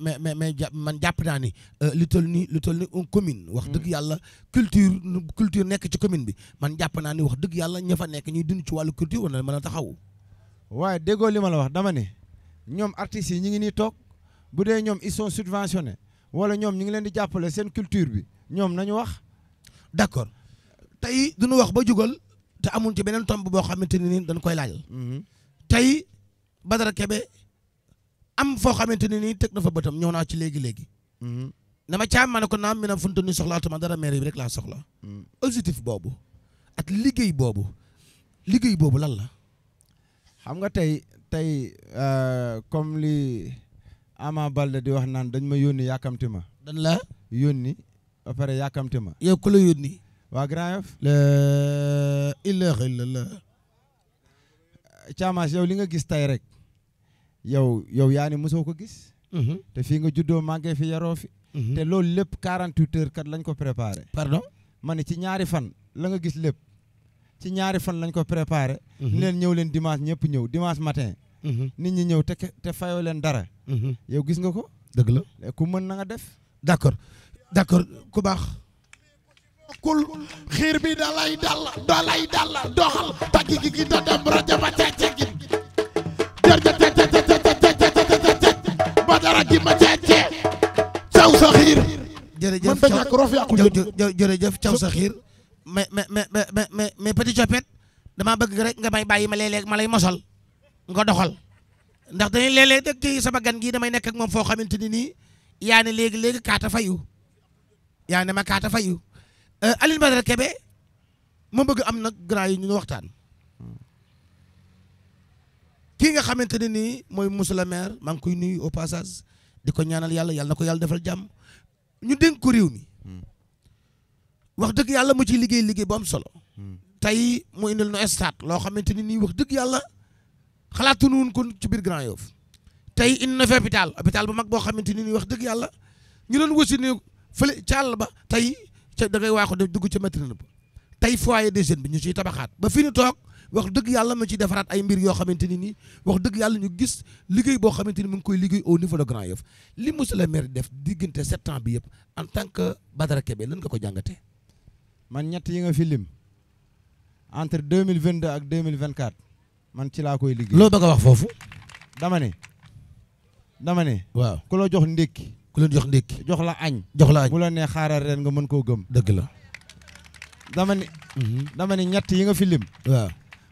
mais mais mais man japp ni ni a une commune. wax mm. culture culture nek ci commune bi man japp naa ni wax deug yalla ña fa nek ñuy dund ci culture wala a taxaw. d'ego wax dama artistes ñi ngi ni tok budé ñom ils sont subventionnés wala ñom ñi ngi leen di culture bi ñom nañu wax. d'accord tay duñu wax ba jugal té amul ci benen tombe bo dañ koy Badara Kebe am foo xamante ne nii teg na fa bëtam ñëw naa ci léegi léegi. Mhm. dama caam ma ne ko naam mi na funtu ni soxlaatuma dara maire bi rek laa soxla. Mhm. objectif boobu ak liggéey boobu liggéey boobu lan la. xam nga tey tey euh, comme li Ama Balde di wax nan dañ ma yónni yàkkamti ma. dañ la yónni ba pare yàkkamti ma. yow ku la yónni. waa Grand Yoff. la ilaha illallah. Thiamas yow li nga gis tey rek. yow yow yaa ni mosoo ko gis. Mhm. te fii nga juddoo màggee fi yaroo fi. Mhm. te lool lépp 48 heures kat lañ ko préparé. pardon ma ne ci ñaari fan la nga gis lépp ci ñaari fan lañ ko préparé. Mhm. ni leen ñëw leen dimanche ñëpp ñëw dimanche matin. nit ñi ñëw te te leen dara. yow gis nga ko. dëgg la eh, ku mën na nga def. d' accord d' accord ku baax. kul xiir bi dalay dal dalay dal doxal tàggi gi gi ta dem rajo ba càcce gi dara ji ma càccee caw sa xiir jërëjëf man dañu roof yàqu jërëjëf caw sa xiir mais mais mais mais mais petit copet damaa bëgg rek nga may bàyyi ma léeg-léeg ma lay mosal nga doxal ndax dañuy léeg-léeg dëkk ci sama gan gii damay nekk ak moom foo xamante ni nii yaa ne léegi léegi kaata fayu yaa ne ma kaata fayu euh, Alioune Badara Kébé ma bëgg am nag grand yi ñu waxtaan kii nga xamante ne nii mooy monsieur le maire maa ngi koy nuyu au passage di ko ñaanal yàlla yàlla ko yàlla defal jàmm ñu dénk ko réew mi hmm. wax dëgg yàlla mu ciy liggéey liggéey bu am solo hmm. tey mu indil no stade loo xamante ni nii wax dëgg yàlla xalaatuñu woon kon ci biir Grand Yoff tey indi na fi hôpital hôpital bu mag boo xamante ni nii wax dëgg yàlla ñu doon wasi ne fële ca ba tey ca da ngay waaxu def dugg ca maternité ba tey foyer des jeunes bi ñu ci tabaxaat ba fi ñu toog wax dëgg yàlla ma ci defaraat ay mbir yoo xamante ni nii wax dëgg yàlla ñu gis liggéey boo xamante ni mu ngi koy liggéey au niveau de Grand Yoff li monsieur le def diggante sept ans bi yëpp en tant que Badara Kébé lan nga ko jàngatee. man ñett yi nga fi lim entre deux mille vingt deux ak mille vingt quatre man ci laa koy liggéey. loo bëgg a wax foofu. dama ne. dama ne. waaw ku la jox ndékki. ku la jox ndékki. jox la añ. jox la añ la nee ren nga mën koo gëm. dëgg la. dama mhm. ñett yi nga fi lim.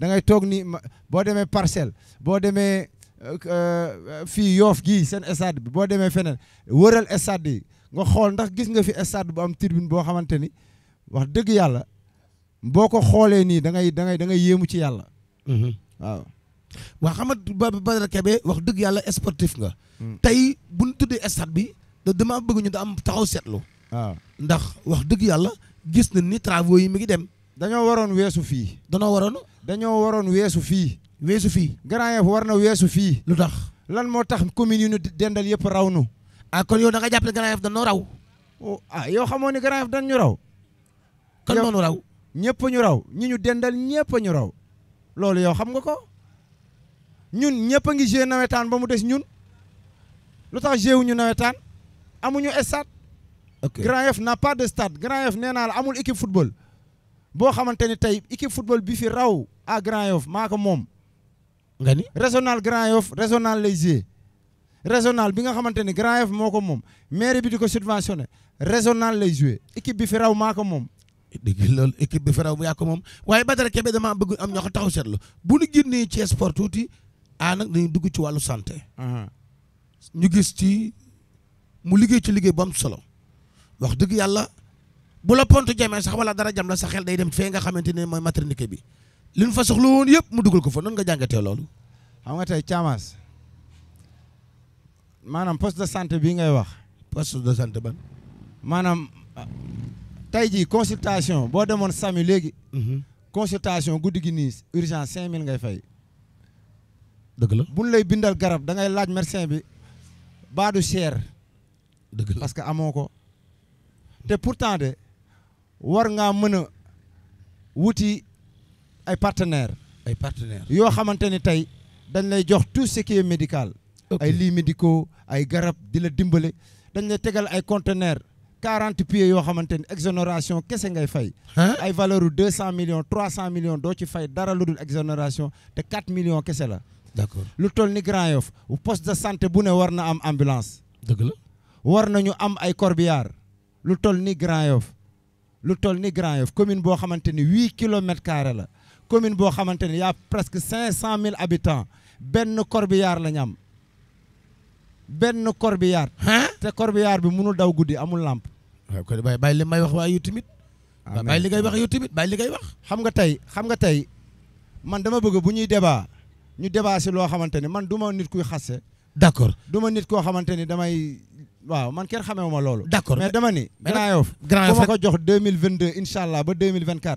da ngay toog ni boo demee parcelle boo demee euh, euh, fii yoof gii seen stade bi boo demee feneen wëral stade yi nga xool ndax gis nga fi stade bu am tribune boo xamante ni wax dëgg yàlla boo ko xoolee nii da ngay da da ngay yéemu ci yàlla mm-hmm. waaw waa xam nga Badara Kebe wax dëgg yàlla sportif nga mm. tey bu ñu tuddee estade bi da dama bëgg ñu da am taxaw seetlu waaw ndax wax dëgg yàlla gis na ni travaux yi mi ngi dem dañoo waroon weesu fii dañoo waroon dañoo waroon weesu fii. weesu fii. Grand Yoff war na weesu fii. lu tax lan moo tax commune yu ñu dendal yëpp raw nu. a ah kon yoo da nga jàppale Grand Yoff raw. Oh, ah yow xamoo ni Grand Yoff dañ ñu raw. kan raw ñëpp ñu raw ñi ñu dendal ñëpp ñu raw. loolu yow xam nga ko ñun ñëpp a ngi joué nawetaan ba mu des ñun lu tax joué ñu nawetaan amuñu stade. ok Grand Yoff n'a nee naa amul équipe football. boo xamante ni tey équipe football bi fi raw ah Grand Yoff maa moom. nga ni régional Grand Yoff régional lay jiyee. régional bi nga xamante ni Grand Yoff moo ko moom mairie bi di ko subventionné régional lay joué équipe bi fi maa ko moom. dëgg loolu équipe bi fi raw yaa ko moom waaye Badara Kebe damaa bëgg am ñoo ko taxaw seetlu bu ñu génnee ci sport tuuti ah nag dañuy dugg ci wàllu santé. ñu gis ci mu liggéey ci liggéey bu am solo wax dëgg yàlla bu la pont jamee sax wala dara jam la sa xel day dem fee nga xamante ne mooy maternité bi. li ñu fa woon yëpp mu dugal ko fo noonu nga jàngatee loolu. xam nga tey Thiamas maanaam poste de santé bii ngay wax. poste de santé ban. maanaam tey jii consultation boo demoon SAMU léegi. Mhm. consultation guddi gi urgent urgence 5000 ngay fay. dëgg la bu lay bindal garab da ngay laaj médecin bi baadu cher. dëgg la parce que amoo ko. te pourtant de war ngaa mën a wuti. ay partenaires. ay partenaires yo xamanteni tay dañ lay jox tout ce qui est médical. ay lits médicaux ay garab les la dañ lay tégal ay conteneurs 40 pieds yo xamanteni exonération kese ngay fay. Hein? ay valeur 200 millions 300 millions do ci fay dara luddul exonération té 4 millions kese la. d'accord lu toll ni Grand Yoff poste de santé bu ne war am ambulance. deug la war nañu am ay corbillard lu toll ni Grand Yoff lu toll ni Grand Yoff commune bo xamanteni 8 km la commune Il y' a presque 500 000 habitants Ben corbillard la ñam Ben corbillard. Hein? te corbillard bi mënul daw goudi amul lampe. waaw li may wax waaye yu timit bay li ngay wax yu timit bay li ngay wax. xam nga tay xam nga tay man dama bëgg bu débat ñu débat ci lo xamantene man duma nit kuy xasse d'accord duma nit damay. waaw man mais dama ni. Grand Yoff grand jox 2022 ba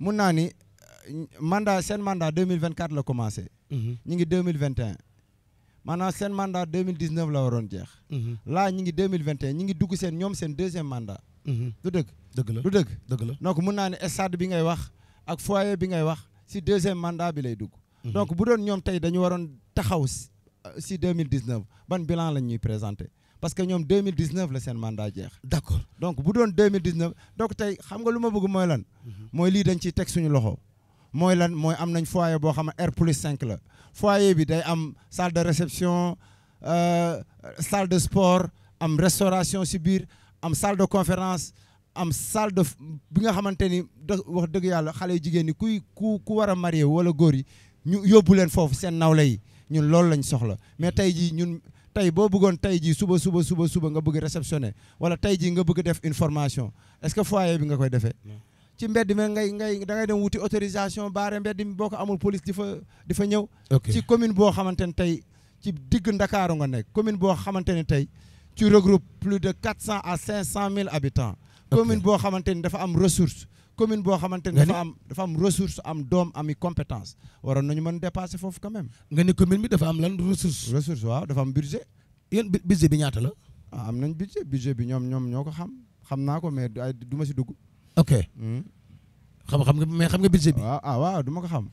mun naa ni euh, mandat seen mandat 2024 la commencé. Mhm. ñu ngi 2021. maanaam seen mandat 2019 la waroon jeex. Mhm. laa ñu ngi 2021 ñu ngi dugg seen ñoom seen deuxième mandat. Mhm. du dëgg. dëgg la du dëgg dëgg la. donc mun naa ne stade bi ngay wax ak foyer bi ngay wax si deuxième mandat bi lay dugg. donc bu doon ñoom tey dañu waroon taxaw si 2019 ban bilan lañ ñuy présenté. parce que ñom 2019 la sen mandat jeex. d'accord donc bu doon 2019 donc tay xam nga luma bëgg moy lan. moy mhm. li dañ ci tek suñu loxo. moy lan moy am nañ foyer bo xam R plus 5 la foyer bi day am salle de réception euh, salle de sport am restauration sibir, biir am salle de conférence am salle de bi nga xamanteni wax dëgg yàlla xale jigéen kuy ku ku war a marié wala góor yi ñu yóbbu leen foofu seen nawle yi ñun loolu lañ soxla mais tey jii ñun. tey boo bëggoon tey jii suba suba suba suba nga bëgg réceptionné wala tey jii nga bëgg def une formation est-ce que foyer bi nga koy defee. ci mbedd mi ngay ngay da ngay dem wuti autorisation baare mbedd mi boo ko amul police di fa di fa ñëw. ci commune boo xamante ne tey ci digg Ndakaaru nga nekk commune boo xamante ne tey ci regroupe plus de quatre cent à cinq cent mille habitants. commune boo xamante ni dafa am ressource. commune boo xamante ne dafa am dafa am ressource am doom ami compétence waroon nañu mën dépasser foofu quand même nga ni commune bi dafa am lan ressource ressource waaw dafa am budget yéen budget bi ñaata la ah, am nañ budget budget bi ñoom ñoom ñoo ko xam xam naa ko mais ay du ma si dugg ok xam-xam hmm. nga mais xam nga budget bi waaw ah, ah waaw du ma ko xam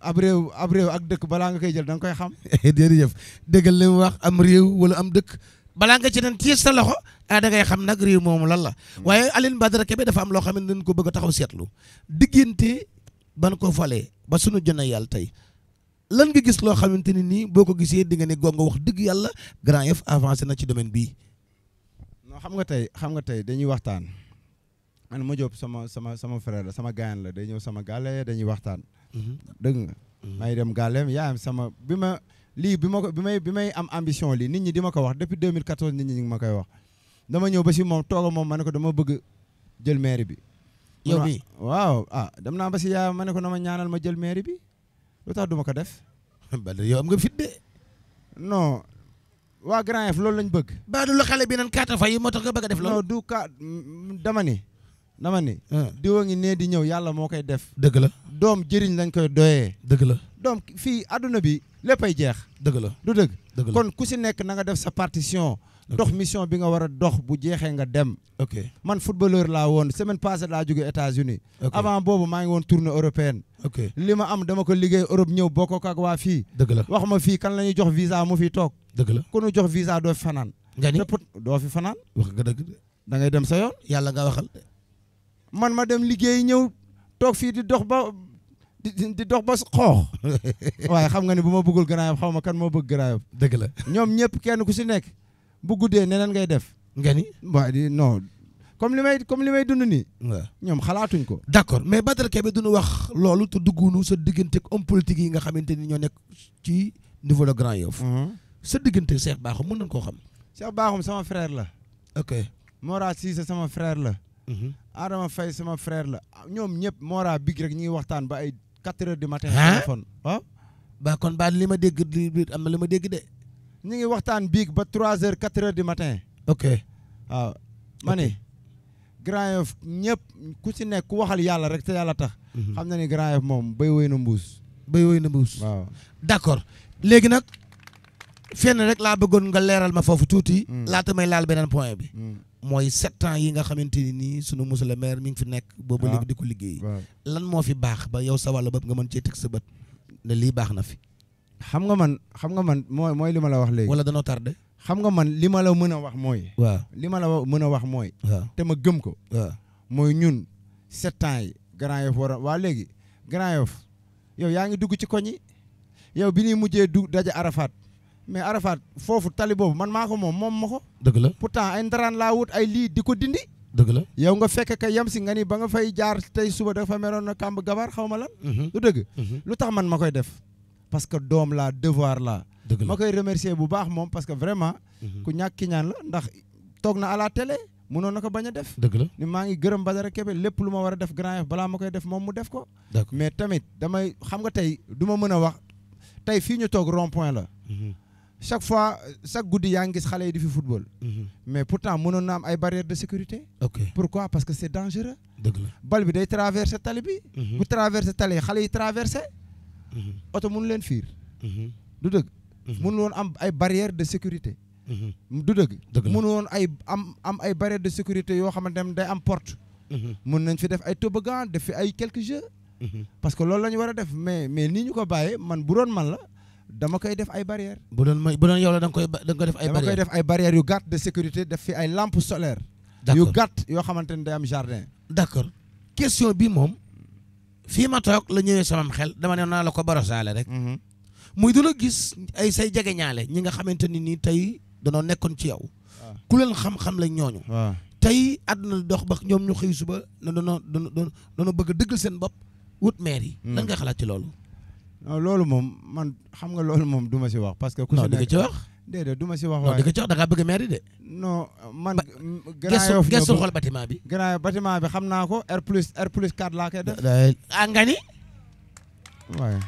ab réew ab réew ak dëkk balaa nga koy jël da nga koy xam [LAUGHS] jërëjëf déggal li mu wax am réew wala am dëkk balaa nga ci nen tiis sa loxo ah da xam nag réew moomu lan la hmm. waaye Alioune Badara Kébé dafa am loo xam ne ko bëgg a taxaw seetlu diggante ban koo falee ba sunu jona yàlla tey lan nga gis loo xamante ne nii boo ko gisee di nga ne gonga wax digg yàlla Grand Yoff avancé na ci domaine bii. non xam nga tey xam nga tey dañuy waxtaan man ma jóob sama sama sama frère sama gaayan la day ñëw sama gàlle dañuy waxtaan. Mm-hmm. Mm-hmm. yaayam sama bi ma. li bima ko am ambition li nit ñi di ko wax depuis 2014 nit ñi ngi makay wax dama ñew ba si mom togo mom ma ko dama bëgg jël maire bi. yow bi waaw ah dama na ba ci ya ma ko na ñaanal ma jël maire bi lu tax duma kadef? ko def. [LAUGHS] Badara yow am nga fit de. non wa Grand f loolu lañ bëgg. du la xalé bi nan kaata fa yi tax bëgg def du ka mm, dama ni. dama ni. Ah. diwa ngi nee di ñew yalla mo koy def. deug la dom jëriñ lañ koy doyé deug la dom fi aduna bi. léppay jeex. dëgg la du dëgg. dëgg la kon ku si nekk na nga def sa partition. dox mission bi nga war a dox bu jeexee nga dem. ok man footballeur la woon semaine passée laa jóge États-Unis avant boobu maa ngi woon tournée européenne. ok li ma am dama ko liggéey Europe ñëw boo ko ak waa fii. dëgg la wax ma fii kan la ñuy jox visa mu fi toog. dëgg la ku jox visa doo fi fanaan. nga ni doo fi fanaan. wax ga dëgg da ngay dem sa yoon. yàlla nga waxal. man ma dem liggéey ñëw toog di dox ba xoox [LAUGHS] waaye xam nga ne bu ma bëggul Grand Yoff xaw ma kan moo bëgg Grand Yoff dëgg la ñoom ñëpp kenn ku si nekk bu guddee neneen ngay def nga ni waa di non comme li may comme li may dund nii ñoom xalaatuñ ko d'accord mais Badara Kebe duñu wax loolu te duggunu sa diggante homme politique yi nga xamante ni ñoo nekk ci niveau de Grand Yoff mhm. sa diggante seex Bakhoum mën na koo xam Cheikh Bakhoum sama frère la ok Mora Cissé sama frère la mhm. Adama Faye sama frère la ñoom ñëpp Mora big rek ñi ba ay quatre heures du matin. téléphone waaw. ba kon ba li ma dégg li am na li ma dégg de. ñu waxtaan biig ba trois heures quatre heures du matin. ok waaw ma ne. Grand Yoff ñëpp ku ci nekk ku waxal yàlla rek te yàlla tax. Mhm. xam na ni Grand Yoff moom bay woy na mbuus. béy woy na mbuus. waaw d'accord léegi nag fenn rek laa bëggoon nga leeral ma foofu tuuti. Mm. laata may laal beneen point bi. Mm. mooy sept ans yi nga xamante ni nii sunu monsieur le maire mi ngi fi nekk. boobu ah. léegi di ko liggéey. lan moo fi baax ba yow sa wàllu bopp nga mën cee teg sa bët ne lii baax na fi. xam nga man xam nga man mooy mooy li ma la wax léegi. wala danoo tardé. xam nga man li ma la mën a wax mooy. waaw li ma la mën a wax mooy. te ma gëm ko. mooy ñun sept ans yi Grand Yoff waa léegi Grand yof yow yaa ngi dugg ci koñ yi yow bi ñuy mujjee dugg daje Arafat. mais Arafat fofu tali bobu man mako ko mom mako deug ko. la pourtant ay ndaran la wut ay li di dindi. deug la yow nga fekk ka yem si ba nga fay jaar tay suba dafa meron na kamb gabar xawma lan. du mhm. deug lu mhm. man makoy def. parce que dom la devoir la makoy remercier bu baax mom parce que vraiment. Mhm. ku ñak ki ñaan la ndax tok na ala télé. mënon nako baña def. deug la ni maa ngi Badara Kebe lepul luma wara def Grand Yoff bala makoy def mom mu def ko. mais tamit damay xam nga tay duma mëna wax tay ñu rond point la. chaque fois chaque goudi ya ngiss xalé yi di football. Mhm. mais pourtant mënoon na am ay barrières de sécurité. pourquoi parce que c'est dangereux. dëgg la bal bi day traverser tali bi. Mhm. bu traversé tali xalé yi traverser auto mhm. mënu leen fiir. du deug mënu won am ay barrières de sécurité. du deug dëgg mënu woon ay am am ay barrières de sécurité yo xamante day am porte. mën nañ fi def ay toboggan def ay quelques jeux. parce que loolu lañu wara a def mais mais nii ñu ko bàyyee man bu man la. dama koy def ay barrières. bu doon bu doon yow la da nga koy da nga def ay. barrières dama ay barrières yu gàtt de sécurité def fi ay lampes solaires. yu gàtt yoo xamante ne day am jardin. d' accord question bi moom fii ma toog la ñëwee samam xel dama ne naa la ko barasaale rek. Mhm. muy du a gis ay say jegeñaale ñi nga xamante ni nii tey danoo nekkoon ci yow. Ah. ku leen xam-xam la ñooñu. Ah. tey àdduna dox ba ñoom ñu xëy suba na doon doon doon bëgg a seen bopp wut maire yi. Mm. lan nga xalaat ci loolu. non loolu moom man xam nga loolu moom du ma si wax parce que. ku si nekk ci wax. déedéet du ma si wax waaye non ci wax da ngaa bëgg a mairie de. man. Grand Yoff gestu gestu bi. Grand Yoff bi xam naa ko R plus R plus 4 laa koy def. ah nga ni. waaye.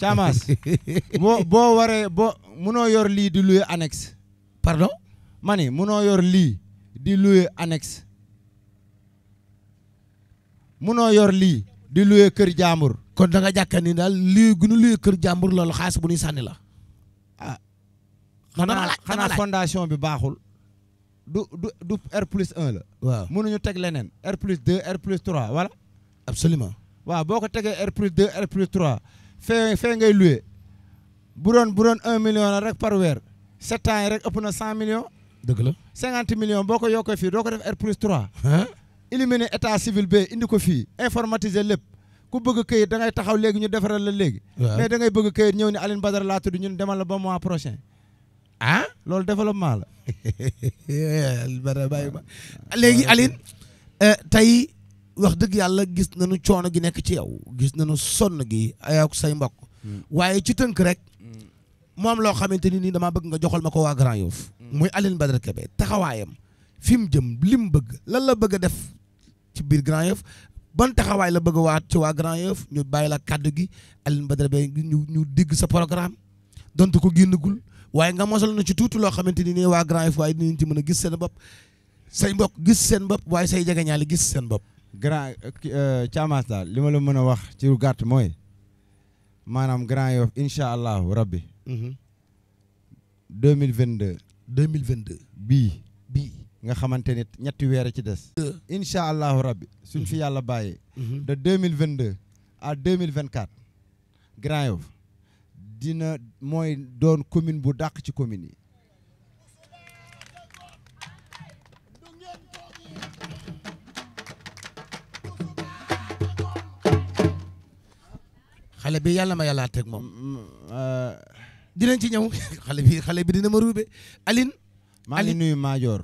Thiamas boo waree boo munoo yor lii di louer annexe. pardon. ma ni munoo yor lii di louer annexe. munoo yor lii di louer kër jaambur. kon da nga jàkka ni daal lii gunu lii kër jàmbur loolu xaas bu ñuy sànni la ah. xanaa xanaa fondation bi baaxul. du du du R plus 1 la. waaw mënuñu teg leneen R plus 2 R plus 3 wala. absolument waaw boo ko tegee R plus 2 R plus 3 fee fee ngay loué bu doon bu doon 1 million la rek par weer 7 ans rek ëpp na 100 millions. dëgg la 50 millions boo ko yokkee fii doo ko def R plus 3. éliminer état civil ba indi ko fii informatiser lépp. ku bëgg këyit dangay taxaw léegi ñu defaral la léegi. mais dangay ngay bëgg këyit ñëw ni Aline Badara laa tudd ñun demal la ba mois prochain. ah loolu développement la. [LAUGHS] Badara bàyyi ma léegi Aline euh, tey wax dëgg yàlla gis nañu coono gi nekk ci yow gis nañu sonn gi ak say mbokk. Hmm. waaye ci tënk rek. moom loo xamante ni nii damaa bëgg nga joxal ma ko waa Grand Yoff. Hmm. muy Aline Badara Kébé taxawaayam fi mu jëm li mu bëgg lan la bëgg a def ci biir Grand Yoff ban taxawaay la bëgg waa ci waa Grand Yoff ñu bàyyi la kàddu gi Alioune Badara Beye ñu ñu digg sa programme donte ko génnagul waaye nga mosal na ci tuuti loo xamante ni ne waa Grand Yoff waaye dinañ ci mën a gis seen bopp say mbokk gis seen bopp waaye say jegeñaale gis seen bopp. grand euh, euh, Thiamas daal li ma la mën a wax ci lu gàtt mooy maanaam Grand Yoff incha allahu rabbi. 2022. Mhm. 2022 bii. nga xamante ni ñetti weer ci des. incha allahu rabbi suñ fi mhm. yàlla bàyyi mhm. de deux mille vingt deux à deux vingt quatre. Grand Yoff dina mooy doon commune bu dàq ci commune yi. xale bi yàlla ma yàlla teg moom. Mm, mm, dinañ ci ñëw [LAUGHS] xale bi xale bi dina ma ruube Aline. maa ngi nuyu Maajoor.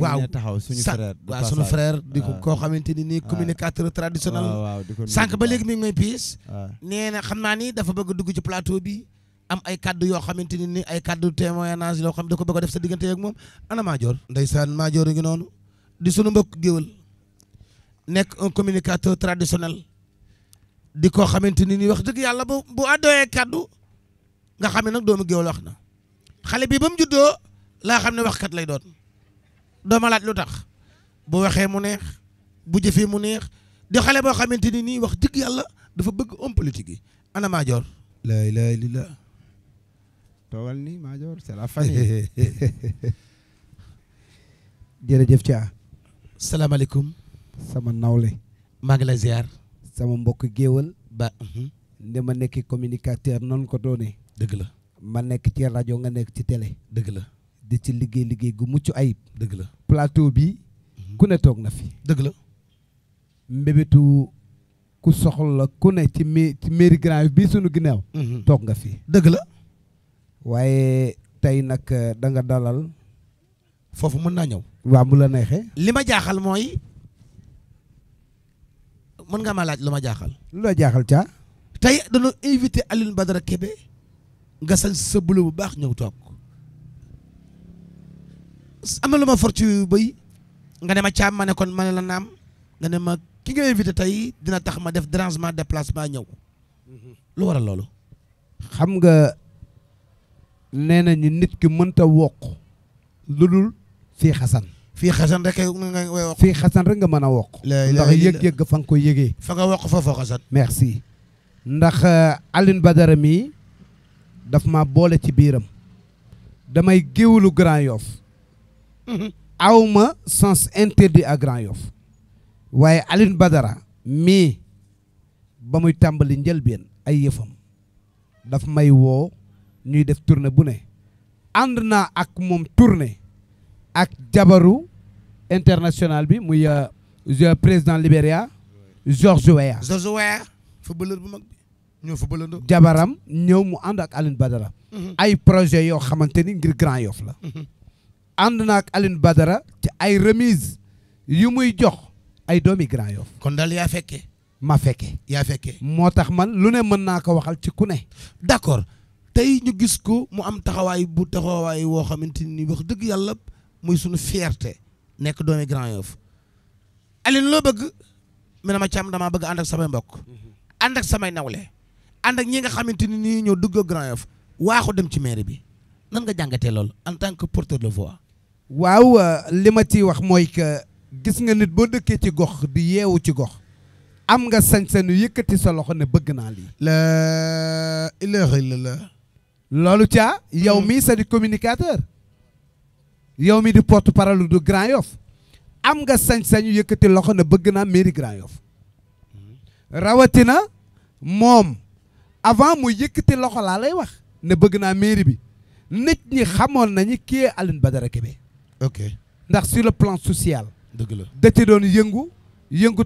waaw taxaw suñu frère frère di ko ah. koo xamante ni nii ah. communicateur traditionnel ah, sànq ba léegi mi ngi may piis nee na xam naa ni dafa bëgg dugg ci plateau bi am ay kaddu yoo xamante ni nii ay kaddu témoignage yoo xam da ko bëgg a def sa diggante ak moom ana major ndeysaan Madior ngi noonu di suñu mbokk géwal nekk un communicateur traditionnel di koo xamante ni wax dëgg yàlla bu bu addooyee kaddu nga xam ne nag doomu géwal wax na xale bi ba mu juddoo laa xam ne waxkat lay doon dooma laaj lu tax bu waxee mu neex bu jëfee mu neex di xale boo xamante ni nii wax dëgg yàlla dafa bëgg homme politique yi ana Madior laa ilaaha illallaah toogal ni Madior c'est la famille [LAUGHS] jërëjëf ci a salaamaaleykum sama nawle maa la ziar sama mbokk géwël ba mhm. ndi ma nekk communicateur noonu ko doone dëgg la ma nekk ci rajo nga nekk ci télé dëgg la di ci liggéey liggéey gu mucc ayib. dëgg la plateau bi mhm. ku ne toog na fi. dëgg la mbébétu ku soxla ku ne ci mairie ci mairie Grand Yoff sunu ginnaaw. Mhm. toog nga fi. dëgg la waaye tey nag eh, danga dalal. foofu mën naa ñëw. waaw mu la neexee. li ma jaaxal mooy mën nga ma laaj lu ma jaaxal. lu la jaaxal caa. tey dañoo invité Alioune Badara Kébé nga sañ sa bulo bu baax ñëw toog. ama lu ma fortu bëy nga ne ma caam ma ne kon ma ne la naam nga ne ma ki nga invité tey dina tax ma def dérangement déplacement ñëw lu waral loolu xam nga nee nañu nit ki mënta wokk lu dul fii xasan fii xasan rek nga wokk fii xasan rek nga mën a wokk ndax yëg-yëg fa nga koy yëgee fa nga wokk foofoo xasan merci ndax euh, Alioune Badara mii dafa ma boole ci biiram damay géwulu Grand Yoff Mhm. awma sens interdit à Grand Yoff Waye Aline Badara mi, bamuy tambali tàmbali njëlbeen ay yefam. daf may wo, ñuy def tourner. bu Andna ak mom tournée ak jabaru international bi muy euh, président Libéria George Weah George Weah footballeur bu mag bi ñoo footballandoo jabaram ñew mu and ak Aline Badara mhm. ay projet yo xamanteni ngir Grand Yoff la mhm. ànd naa ak Alioune Badara ci ay remise yu muy jox ay doomi Grand Yoff kon dal yaa fekke ma fekkee yaa fekke moo tax man lu ne mën naa ko waxal ci ku ne d'accord tey ñu gis ko mu am taxawaay bu taxawaay woo xamante ni wax dëgg yàlla muy suñu fierté nekk doomi Grand Yoff Alioune loo bëgg mi ne ma càmm damaa bëgg ànd ak samay mbokk mhm. ànd ak samay nawle ànd ak ñi nga xamante ni nii ñoo dugg Grand Yoff waaxu dem ci mairie bi nan nga jàngatee loolu en tant que porteur de voix. waaw euh, li ma ciy wax mooy que gis nga nit boo dëkkee ci gox di yeewu ci gox. am nga sañ-sañu yëkkati sa loxo ne bëgg naa lii. la ilaha loolu ca yow mm. mii sa di communicateur. yow mi di porte parole du Grand Yoff am nga sañ-sañu yëkkati loxo ne bëgg naa mairie Grand Yoff mm. rawatina moom avant mu yëkkati loxo laa lay wax ne bëgg naa mairie bi nit ñi xamoon nañu kii Alioune Badara Kébé ok ndax sur le plan social dëgg la da ci doon yëngu yëngu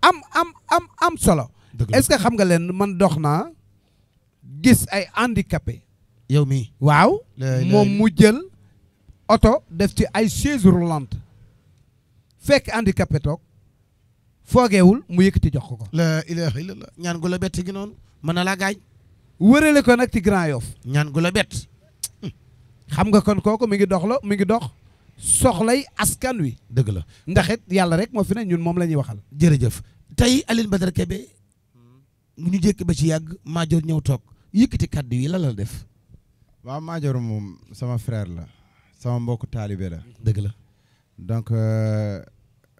am am am am solo est-ce que xam nga leen man dox naa gis ay handicapé yow mii waaw moom mu jël oto def ci ay chaise roulante fekk handicapé toog foogeewul mu yëkkati jox ko ko la ilaha illallah ñaan gu la bett gi noonu mën na laa gaañ ko nag ci Grand Yoff ñaan gu la xam nga kon kooku mi ngi dox la mi ngi dox soxlay askan wi. dëgg la ndax it yàlla rek moo fi ne ñun moom la ñuy waxal. jërëjëf tey Alioune Badara Kébé ñu jékki ba ci yàgg Madior ñëw toog yëkkati kàddu yi la la def. waaw Madior moom sama frère la sama mbokku taalibe la. dëgg la donc euh,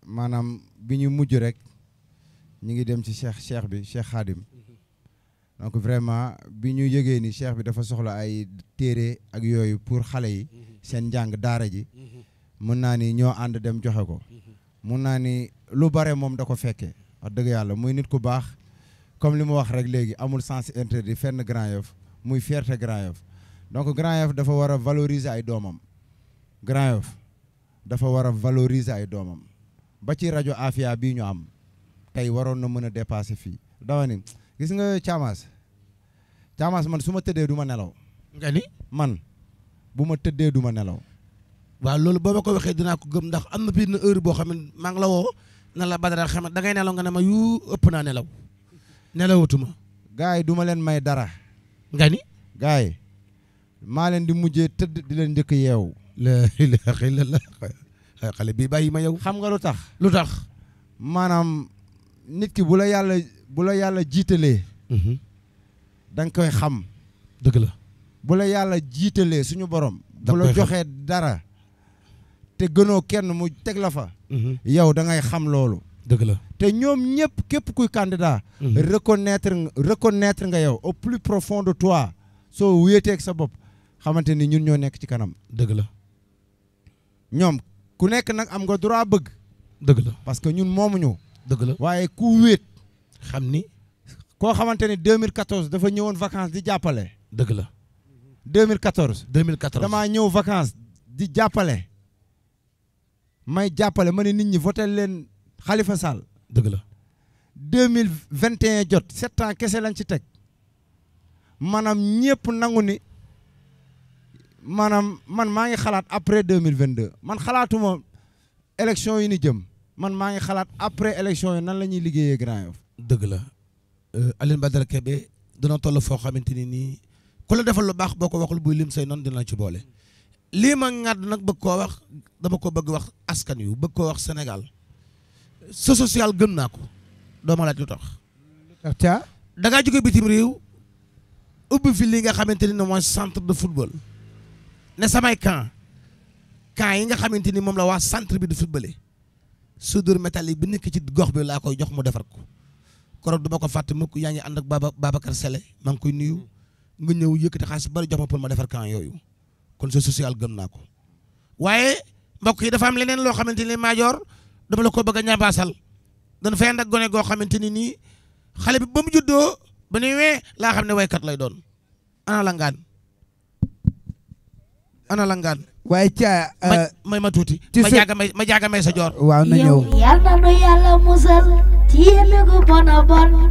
maanaam bi ñu mujj rek ñu ngi dem ci cheikh cheikh bi cheikh Khadim. donc vraiment bi ñu yëgee ni cheikh bi dafa soxla ay téere ak yooyu pour xale yi mhm. seen njàng daara ji mhm. mun naa ni ñoo ànd dem joxe ko mhm. mun naa ni lu bare moom da ko fekkee a dëgg yàlla muy nit ku baax comme li mu wax rek léegi amul sens di fenn Grand Yoff muy fierté Grand Yoff donc Grand dafa war a valoriser ay doomam Grand dafa war a valoriser ay doomam ba ci rajo Afia bii ñu am tey waroon na mën a dépasser fii dama ni gis nga Thiamas Thiamas man su ma tëddee du ma nelaw. nga ni man bu ma tëddee du ma nelaw. waaw loolu boo ma ko waxee dinaa ko gëm ndax am na benn heure boo xam ne maa ngi la woo na la Badara xam da ngay nelaw nga ne ma yu ëpp naa nelaw nelawatuma. gars yi du leen may dara. nga ni yi maa leen di mujjee tëdd di leen njëkk yeewu. la ilaha bi bàyyi ma yow. xam nga lu tax lu tax. maanaam nit ki bu yàlla. bu la yàlla jiitalee. Mhm. da nga koy xam. dëgg la bu yàlla jiitalee suñu borom. bu joxe dara. te gënoo kenn mu teg la fa. Mhm. yow da ngay xam loolu. dëgg la te ñoom ñëpp képp kuy candidat. Mhm. reconnaître reconnaître nga yow au plus profond de toi soo wéeteeg sa bopp xamante ni ñun ñoo nekk ci kanam. dëgg la ñoom ku nekk nag am nga droit bëgg. dëgg la parce que ñun moomuñu. dëgg la waaye ku wéet. xamni ko xamanteni 2014 dafa ñëwoon vacances di jappalé deug la. 2014. 2014 dama ñëw vacances di jappalé may jappalé mané nit ñi voté leen Khalifa Sall. deug la. 2021 jot sept ans kessé lañ ci teg manam ñëpp nanguni manam man maa ngi xalaat après 2022 man xalaatuma élection yi ni jëm man maa ngi xalaat après élection yi nan lañuy ñuy liggéeyee Grand dëgg la euh, Alioune Badara Kébé dina toll foo xamante ni nii ku la defal lu baax boo ko waxul buy lim say noonu dina ci boole. lii ma ŋàdd nag bëgg koo wax dama ko bëgg wax askan yu bëgg koo wax Sénégal sa social gën naa ko doo ma laaj lu tax. da dangaa bitim réew ubbi fi lii nga xamante ni mooy centre de football ne samay camp camp yi nga xamante ni moom la waa centre bi di footballé soudure métallique bi nekk ci gox bi laa koy jox mu defar ko. koroog du ma ko fàtte mukk yaa ngi ànd ak Baba Babacar Sele maa ngi koy nuyu nga ñëw yëkkati xaalis bari jox ma pour ma defar camp yooyu kon sa social gëm naa ko waaye mbokk yi dafa am leneen loo xamante ni maajoor dama la ko bëgg a ñaabaasal dañu fay ànd ak gone goo xamante ni nii xale bi ba mu juddoo ba ne wee laa xam ne waykat lay doon ana la ngaan ana langaan waaye caa. may euh, ma tuuti. ci ma jaaga may ma jaaga may sa joor. na ñëw. yàlla musal. ci gu bon a bon.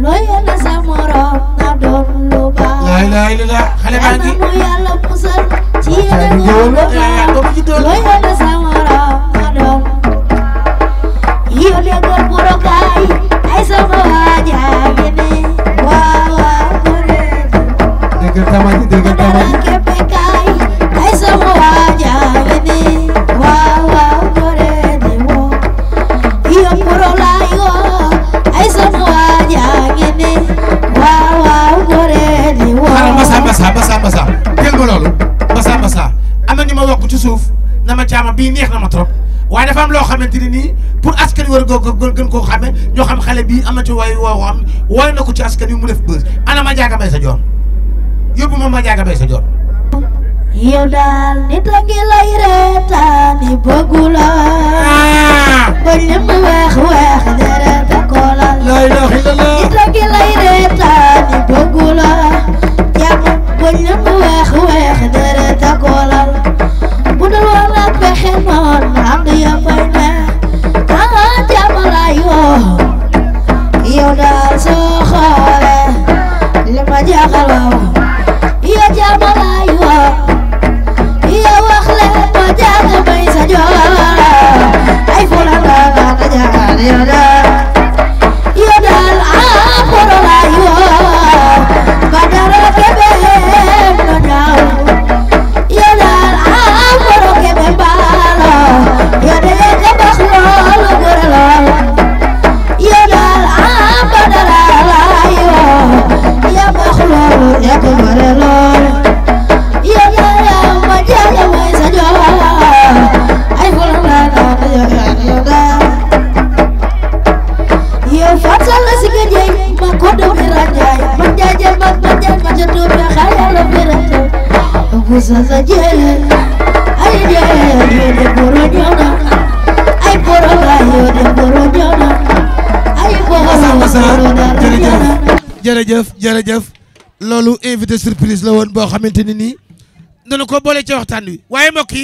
loo yéene sa morom nga doon lu baax. la ilaha musal. ci gu bon a bon. loo yéene sa morom nga doon. yéene gu bon a gaay. ay sama waa jaa yéene. waaw waaw. tama ji dëgg tama ji. Massamba Sarr dégg nga loolu Massamba Sarr am na ñu ma ci suuf na ma caama bii neex na ma trop waaye dafa am loo xamante ni nii pour askan war koo gën koo xame ñoo xam xale bii am na ci waay woo xam wooy na ko ci askan wi mu def bës ana ma jaaga bay sa joor yóbbu ma ma jaaga bay sa joor yow daal nit a lay reetaani bëggu la ah! bañ la mu weex weex ko lal jërëjëf loolu invité surprise la woon boo xamante ni nii dana ko boole ci waxtaan wi waaye mbokk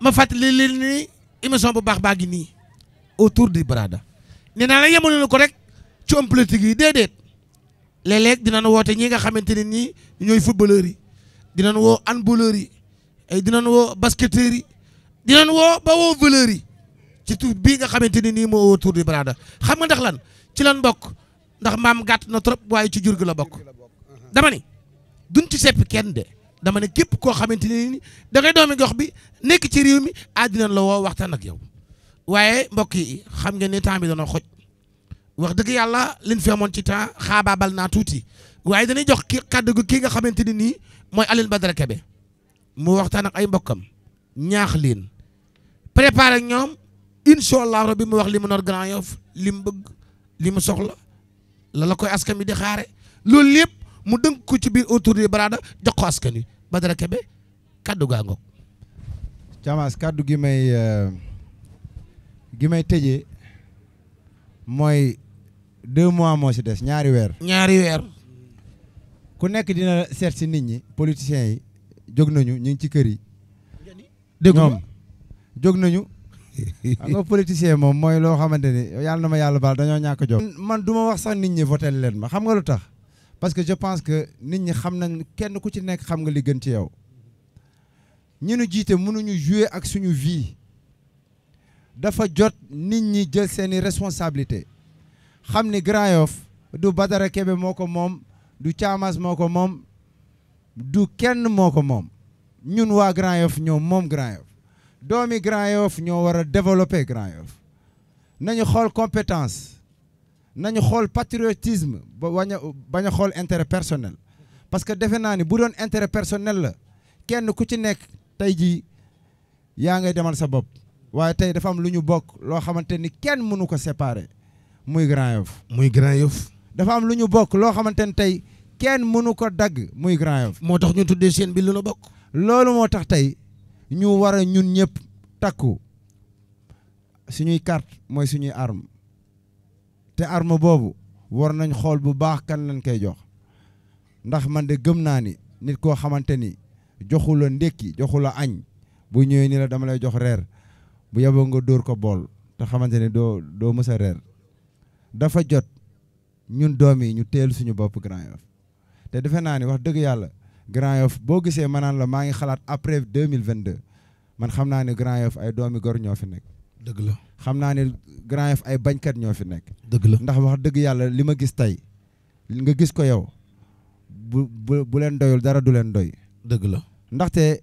ma fat lilini, ni me bu baax baa autour du Brada. Ni na la yemalunu ko rek ci homme politique yi déedéet léeg-léeg dinañ woote ñi nga xamante ni nii ñooy footballeurs yi dinañ woo handballeurs yi ay dinañ woo no yi dinañ woo ba woo voleurs yi ci tur bii nga autour du Brada. xam nga ndax lan ci lan bokk ndax maam gàtt na trop waaye ci jur gi la bokk uh-huh. dama ne duñ ci sepp kenn de dama ne képp koo xamante ne ni da ngay doomi gox bi nekk ci réew mi àddina la woo waxtaan ak yow waaye mbokk yi xam nga ne temps bi dana xoj wax dëgg yàlla liñ fi amoon ci temps xaabaabal naa tuuti waaye dañuy jox ki kàddu ki kii nga xamante ne nii mooy Alioune Badara Kebe mu waxtaan ak ay mbokkam ñaax leen préparé ñoom incha allah rabbi mu wax li mu noor Grand Yoff li mu bëgg li mu soxla. la la koy askan wi di xaare loolu lépp mu dënk ko ci biir autour des Barada jox ko askani wi Badara Kebe kaddu gaa ngoog. Thiamas kaddu gi may euh, gi may tëjee mooy deux mois moo si des ñaari weer. ñaari weer. ku nekk dina seet si nit ñi politiciens yi jóg nañu ñu ci kër yi. jóg nañu xam nga moom mooy loo xamante ni yàlla na ma yàlla baal dañoo ñàkk jox man du ma wax sax nit ñi votel leen ma xam nga lu tax parce que je pense que nit ñi xam nañ kenn ku ci nekk xam nga li gën ci yow ñu nu jiite mënuñu jouer ak suñu vie dafa jot nit ñi jël seeni responsabilité xam ni Grand Yoff du Badara Kebe moo ko moom du Thiamas moo ko moom du kenn moo ko moom ñun waa Grand Yoff ñoom moom Grand Yoff doomi Grand Yoff ñoo war a développer Grand Yoff nañu xool compétence nañu xool patriotisme ba bañ a bañ a xool intérêt personnel parce que defe naa ni bu doon intérêt personnel la kenn ku ci nekk tey jii yaa ngay demal sa bopp waaye tey dafa am lu ñu bokk loo xamante ni kenn mënu ko séparer muy Grand Yoff muy Grand Yoff dafa am lu ñu bokk loo xamante ni tey kenn mënu ko dagg muy Grand Yoff moo tax ñu tuddee seen bi lu la bokk loolu moo tax tey ñu war a ñun ñëpp takku suñuy carte mooy suñuy arme te arme boobu war nañ xool bu baax kan lañ koy jox ndax man de gëm naa ni nit koo xamante ni joxu la ndékki joxu añ bu ñëwee nii la dama lay jox reer bu yeboo nga dóor ko bool te xamante ni doo doo mës reer dafa jot ñun doom yi ñu teel suñu bopp Grand te defe naa ni wax dëgg yàlla Grand Yoff boo gisee manaan la maa ngi xalaat après mille deux man xam naa ne Grand Yoff ay doomi gor ñoo fi nekk. dëgg la xam naa ne Grand Yoff ay bañkat ñoo fi nekk. dëgg la ndax wax dëgg yàlla li ma gis tey nga gis ko yow bu bu bu leen doyul dara du leen doy. dëgg la ndaxte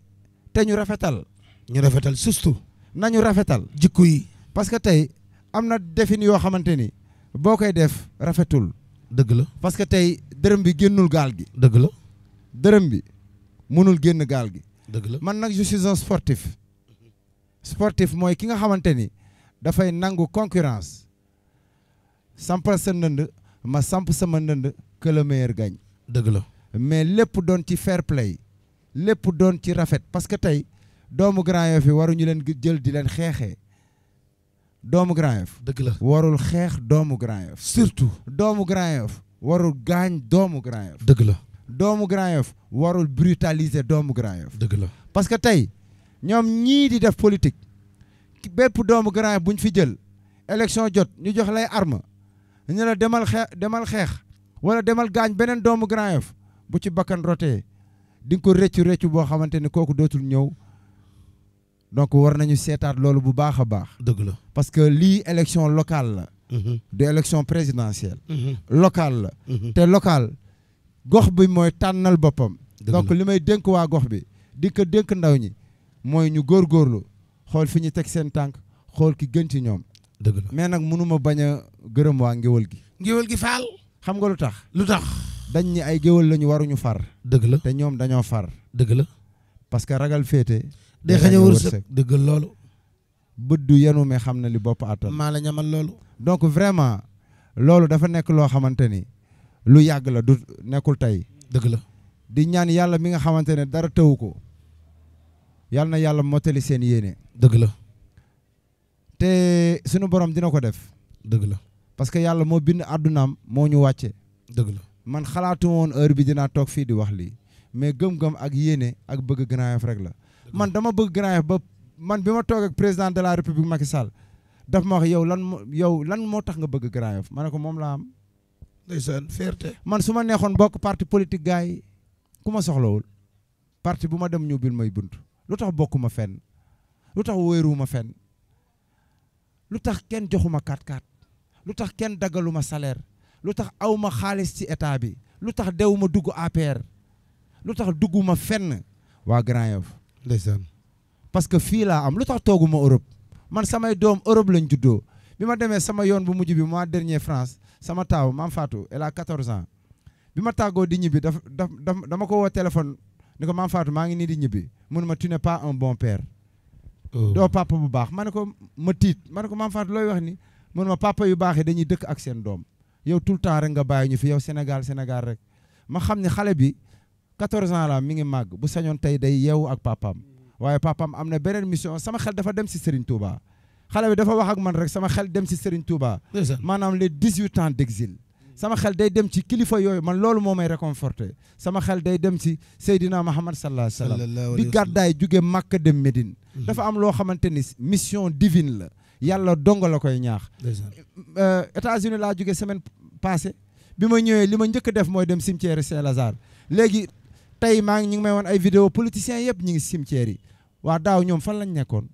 te ñu rafetal. ñu rafetal surtout. nañu rafetal. jikko yi parce que tey am na defin yoo xamante ni boo koy def rafetul. dëgg la parce que tey dërëm bi génnul gaal gi. dëgg la. dërëm bi mënul génn gaal gi. dëgg la man nag je suis sportif. sportif mooy ki nga xamante ni dafay nangu concurrence sampal sa ndënd ma samp sama ndënd que le dëgg la mais lépp doon ci fair play lépp doon ci rafet parce que tey doomu Grand Yoff yi waruñu leen jël di leen xeexee doomu Grand Yoff. dëgg la warul xeex doomu Grand Yoff. surtout doomu Grand Yoff warul gaañ doomu Grand Yoff. dëgg la. doomu Grand Yoff warul brutaliser doomu Grand Yoff. la parce que tey ñoom ñii di def politique bépp doomu Grand bu ñu fi jël élection jot ñu jox lay arme ñu la demal xeex demal xeex wala demal gaañ beneen doomu Grand Yoff bu ci bakkan rotee di nga ko rëccu rëccu boo xamante ne kooku dootul ñëw donc war nañu seetaat loolu bu baax a baax. dëgg la parce que lii élection locale la. Mhm. du élection présidentielle. Mhm. la. Mhm. te locale. gox bi mooy tànnal boppam donc li may dénk waa gox bi dikk ko dénk ndaw ñi mooy ñu góor góorlu xool fi ñu teg seen tànk xool ki gën ci ñoom dëgg mais nag mënuma bañ a gërëm waa ngéwal gi ngéwal gi faal xam nga lu tax lu tax dañ ñi ay géwal lañu waruñu far dëgg la te ñoom dañoo far dëgg la parce que ragal féete day xañ a wërsëg dëgg loolu bët du yenu mais xam na li bopp attan maa la ñamal loolu donc vraiment loolu dafa nekk loo xamante ni lu yàgg la du nekkul tey. dëgg la di ñaan yàlla mi nga xamante ne dara tëwu ko yàlla na yàlla motali seen yéene. dëgg la. te sunu borom dina ko def. dëgg la parce que yàlla moo bind àddunaam moo ñu wàcce. dëgg la man xalaatu woon heure bi dinaa toog fii di wax lii mais gëm-gëm ak yéene ak bëgg Grand Yoff rek la. man dama bëgg Grand ba man bi ma toog ak président de la république Macky Sall daf ma wax yow lan yow lan moo tax nga bëgg Grand Yoff ma ne ko moom laa am. ndeysaan fierté man su ma neexoon bokk parti politique gaay yi ku ma soxlawul parti bu ma dem ñu bil may bunt lu tax bokkuma fenn lu tax wóoruwuma fenn lu tax kenn joxuma kat-kat lu tax kenn daggaluma salaire lu tax awma xaalis ci état bi lu tax dewuma dugg APR lu tax dugguma fenn waa Grand Yoff ndeysaan parce que fii laa am lu tax tooguma Europe man samay doom Europe lañ juddoo bi ma demee sama yoon bu mujj bi mois dernier France sama taw mam Fatou elle a 14 ans bi ma tàggoo di ñibbi dama ko wo téléphone ni ko maam Fatou ma ngi ni di ñibbi mun tu n'es pas un bon père. Oh. Do papa bu baax mané ko ma tit mané ko mam Fatou loy wax ni mun papa yu baax dañuy dëkk ak seen doom yow tout le temps rek nga bàyyi ñu fi yow Sénégal Sénégal rek ma xamni xalé bi 14 ans la mi ngi mag bu sañon tay day yeewu ak papam waye papam am na mission sama xel dafa dem si Serigne Touba. xale bi dafa wax ak man rek sama xel dem si Serigne Touba. maanaam les dix huit ans d' exil. sama xel day dem ci kilifa yooyu man loolu moo may réconforté sama xel day dem ci Seydina Muhammad sallallahu alayhi wa sallam bi gàddaay jóge Màkka dem Médine mhm. dafa am loo xamante ni mission divine la yàlla dong la koy ñaax euh, États-Unis la jóge semaine passée bi ma ñëwee li ma njëkk def mooy dem cimetière Saint-Lazare léegi tey maa ngi ñu ngi may woon ay vidéo politiciens yëpp ñu ngi cimetière yi waa daaw ñoom fan lañ nekkoon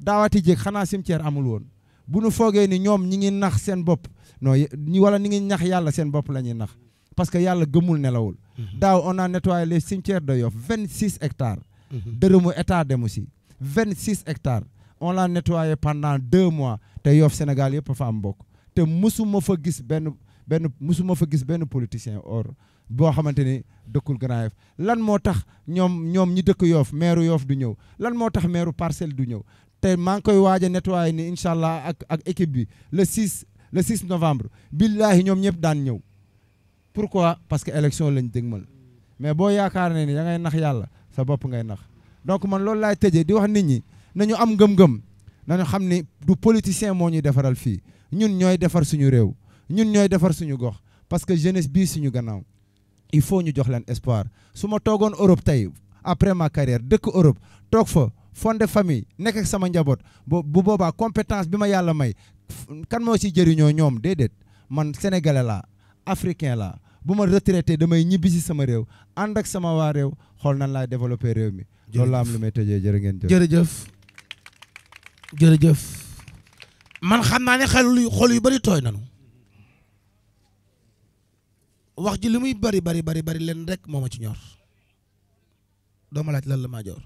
daawati jéeg xanaa cimetière amul woon bu nu foogee ni ñoom ñi ngi nax seen bopp non ñi wala ñi ngi nax yàlla seen bopp la ñuy nax parce que yàlla gëmul nelawul mhm. daaw on a nettoyé les cimetières de Yoff vingt six hectares mhm. dërëmu état de mussi vingt six hectares on l'a nettoyé pendant deux mois te yoof Sénégal yëpp fa am mbokk te musuma fa gis benn benn musuma fa gis benn politicien or boo xamante ni dëkkul Grand lan moo tax ñoom ñoom ñi dëkk Yoff maire Yoff du ñëw lan moo tax maire parcelle du ñëw tay maa koy waaj a nettoyé ni inshallah ak ak équipe bi le 6 le 6 novembre billahi ñom ñep daan ñew pourquoi parce que élection lañ dégmal mais bo yaakar ne ni da ngay nax yalla sa bop ngay nax donc man lool lay tëjee di wax nit ñi nañu am gëm gëm nañu xamni du politicien mo ñuy défaral fi ñun ñoy défar suñu réew ñun ñoy défar suñu gox parce que jeunesse bi suñu gannaaw il faut ñu jox leen espoir suma ma Europe tay après ma carrière dëkk Europe tok fa fondé famille nekk sama njaboot bu boobaa compétence bi ma yàlla may kan moo si jëriñoo ñoom déedéet man sénégalais laa africain laa bu ma retraité damay ñibbi si sama réew ànd ak sama waa réew xool nan laa développé réew mi. loolu laa am may tëjee jërë ngeen jëf jërëjëf jërëjëf man xam naa ne xel yu yu bari tooy nanu wax ji li muy bari bari bari bari leen rek moo ma ci ñor doo ma laaj lan la maa joor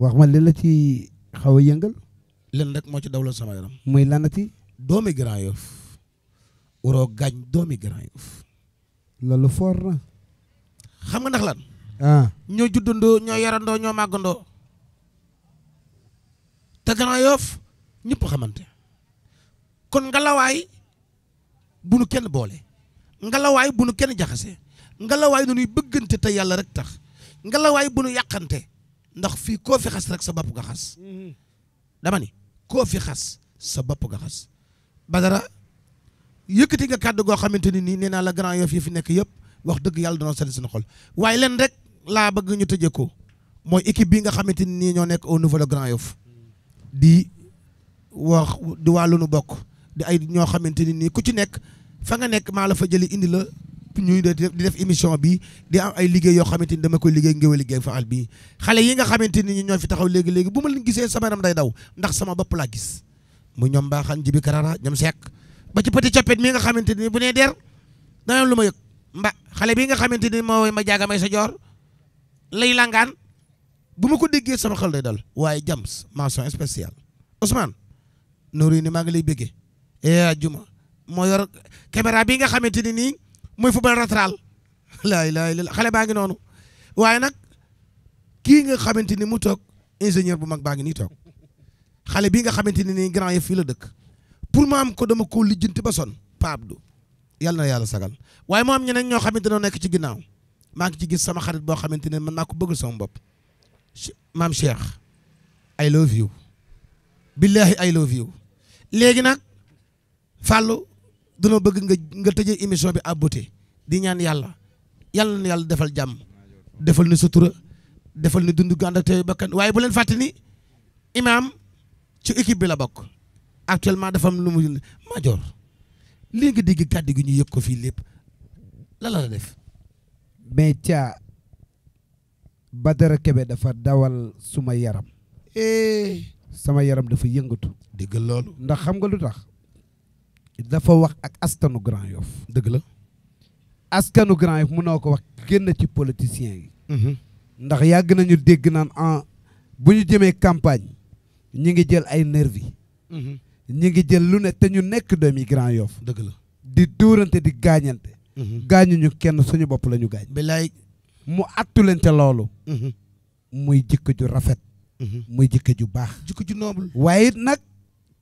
wax ma li la ci xaw a yëngal. len rek moo ci dawlal sama yaram. muy lanati. doomi Grand Yoff. waroo gaañ doomi Grand Yoff. loolu foor na. xam nga ndax lan. ah ñoo juddandoo ñoo yarandoo ñoo màggandoo. te Grand Yoff ñëpp xamante. kon ngalawaay bu nu kenn boole. ngalawaay bu nu kenn jaxase. ngalawaay nu nuy bëggante te yàlla rek tax. ngalawaay bu nu yàqante. ndax fii ko fi xas rek sa bopp nga xas mhm. dama ni koo fi xas sa bopp nga xas Badara yëkkati nga kàddu goo xamante ni nii nee naa la Grand Yoff yi fi nekk yëpp wax dëgg yàlla danoo sedd seen xol waaye leen rek laa bëgg ñu tëjee ko mooy équipe bi nga xamante ni nii ñoo nekk au niveau de Grand Yoff di wax di wàllu bokk di ay ñoo xamante ni nii ku ci nekk fa nga nekk maa la fa jëli indi la ñëpp ñuy di def émission bi di am ay liggéey yoo xamante ni dama koy liggéey ngéwél liggéey faal bi xale yi nga xamante ni ñoo fi taxaw léegi-léegi bu ma leen gisee sama yaram day daw ndax sama bopp laa gis mu ñoom mbaaxan jibi karara ñoom seek ba ci petit coppet mii nga xamante ni bu ne der dana lu ma yëg mba xale bi nga xamante ni moo ma jaaga may sa joor lay langaan bu ma ko déggee sama xal day dal waaye jams mention spéciale Ousmane Nourou ni maa ngi lay bëggee eh, ajuma moo yor caméra bi nga xamante ni nii muy football latéral laa ilaaha illallaah xale baa ngi noonu waaye nag kii nga xamante ni mu toog ingénieur bu mag baa ngi nii toog xale bii nga xamante ne nii grand yëf fii la dëkk pour ma am ko dama koo lijjanti ba son Pape du yàlla na yàlla sagal waaye maam am ñeneen ñoo xamante ne nekk ci ginnaaw maa ngi ci gis sama xarit boo xamante ne man maa ko bëgg sama bopp maam Cheikh I love you billahi I love you léegi nag Fallou danoo bëgg nga nga tëjee émission bi àbbute di ñaan yàlla yàlla na yàlla defal jàmm defal ni sutura defal ni dund gànd ak bakkan waaye bu leen fàtte ni imaam ci équipe bi la bokk actuellement dafa am lu mu major lii nga dégg kàddu gi ñu yëg ko fii lépp la def mais ca Badara Kebe dafa dawal suma yaram eh. sama yaram dafa yëngatu dégg loolu ndax xam nga lu tax dafa wax ak askanu Grand Yoff dëgg la askanu Grand Yoff mënoo ko wax génn ci politiciens yi mhm. ndax yàgg nañu dégg naan en bu ñu jëmee campagne ñu ngi jël ay nervi mhm. ñu ngi jël lu ne te ñu nekk doomi Grand Yoff dëgg la di dóorante di gaañante mhm. gaañuñu kenn suñu bopp lañu ñu gaañ bilaay mu attu leen ca loolu muy jikko ju rafet muy jikko ju baax jikko ju nag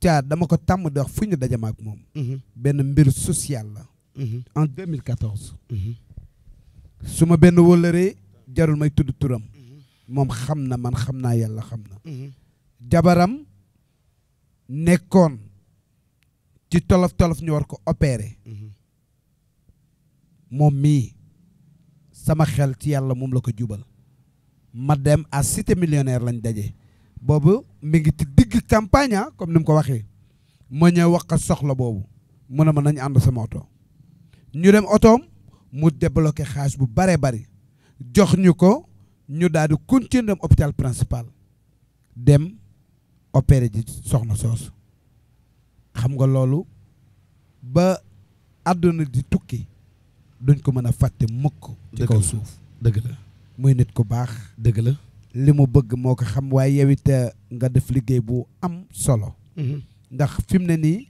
Thiat dama ko tam de wax fuñu dajama ak mom mhm. ben mbir social la. Mhm. en 2014. Mhm. suma ma benn jarul may tuddu turam. mom xamna man xamna yalla xamna jabaram nekon, ci tolof tolof ñu war ko opérer. mom mi sama xel ci yalla mom la ko jubal. ma dem à cité millionnaire lañ daje. boobu mi ngi ci digg campagne ah comme ni mu ko waxee ma ñëw wax ko soxla boobu mu ne ma nañu ànd sama oto ñu dem otoom mu débloqué xaalis bu baree bari jox ñu ko ñu daal di continuer dem hôpital principal dem opéré ji soxna soos xam nga loolu ba àdduna di tukki duñ ko mën a fàtte mukk ci kaw suuf dëgg la muy nit ku baax dëgg la li mu bëgg moo ko xam waaye yow it eh, nga def liggéey bu am solo. Mhm. ndax fi mu ne nii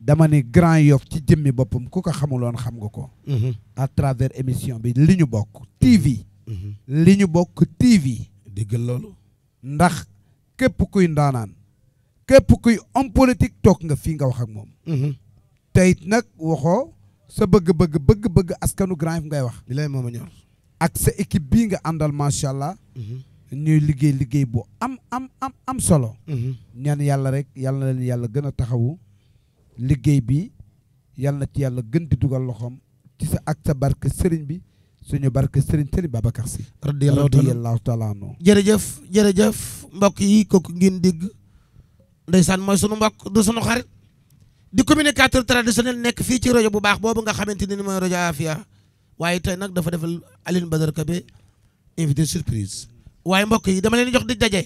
dama ne Grand Yoff ci jëmmi boppam ku ko xamuloon xam nga ko. Mhm. à travers émission bi li ñu bokk TV. Mhm. li ñu bokk TV. déggal loolu. ndax képp kuy ndaanaan képp kuy homme politique toog nga fii nga wax ak moom. te it nag waxoo sa bëgg-bëgg bëgg-bëgg askanu Grand Yoff ngay wax. li lay moom a ñor. ak sa équipe bii nga àndal macha allah. Mhm. ñuy liggéey liggéey bu am am am solo. Mhm. ñaan yàlla rek yàlla na yàlla gën a taxawu liggéey bi yàlla na ci yàlla gën di dugal loxoom ci sa ak sa barke sëriñ bi suñu barke sëriñ sëriñ Babacar Sy. radiyallahu taala anhu jërëjëf jërëjëf mbokk yi kooku ngeen dégg ndeysaan mooy sunu mbokk du sunu xarit di communicateur traditionnel nekk fii ci rajo bu baax boobu nga xamante ni mooy rajo Afia. waaye tey nag dafa defal Alioune Badara Kebe invité surprise waaye mbokk yi dama leen jox di daje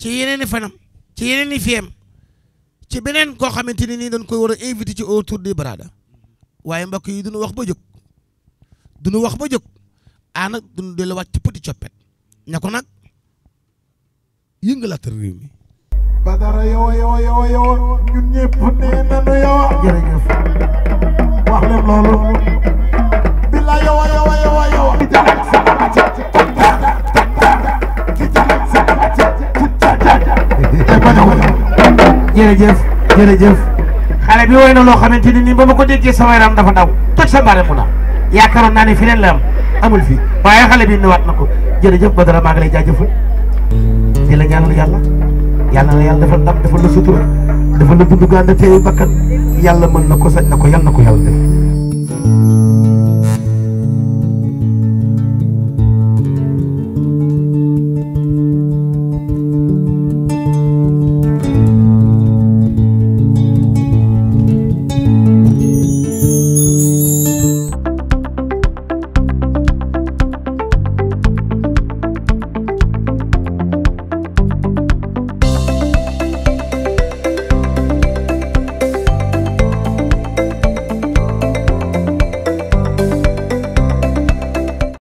ci yeneen i fanam ci yeneen i fiem ci beneen koo xamante ni nii dañ koy war a invité ci autour du baraada waaye mbokk yi duñu wax ba jóg wax ba jóg ah nag duñu delluwaat ci petit coppet ña ko nag yëngalaatal réew mi Badara yow yow yow yow ñun ñëpp nee nañu yow jërëjëf wax leen loolu bila yow yow yow yow di jaxal sa ci di jaxal sa ci jërëjëf jërëjëf xale bi woy na loo xamante ni nii ba ma ko déggee sama yaram dafa ndaw toj sa mbaare mu na yaakaaroon naa ne fi leen la am amul fii waaye xale bi indiwaat na ko jërëjëf Badara maa ngi lay jaajëfal di la ñaanal yàlla yàlla na yàlla defal ndam defal la sutura defal la gudd gànna teeyu bakkan yàlla mën na ko sañ na ko yàlla na ko yàlla def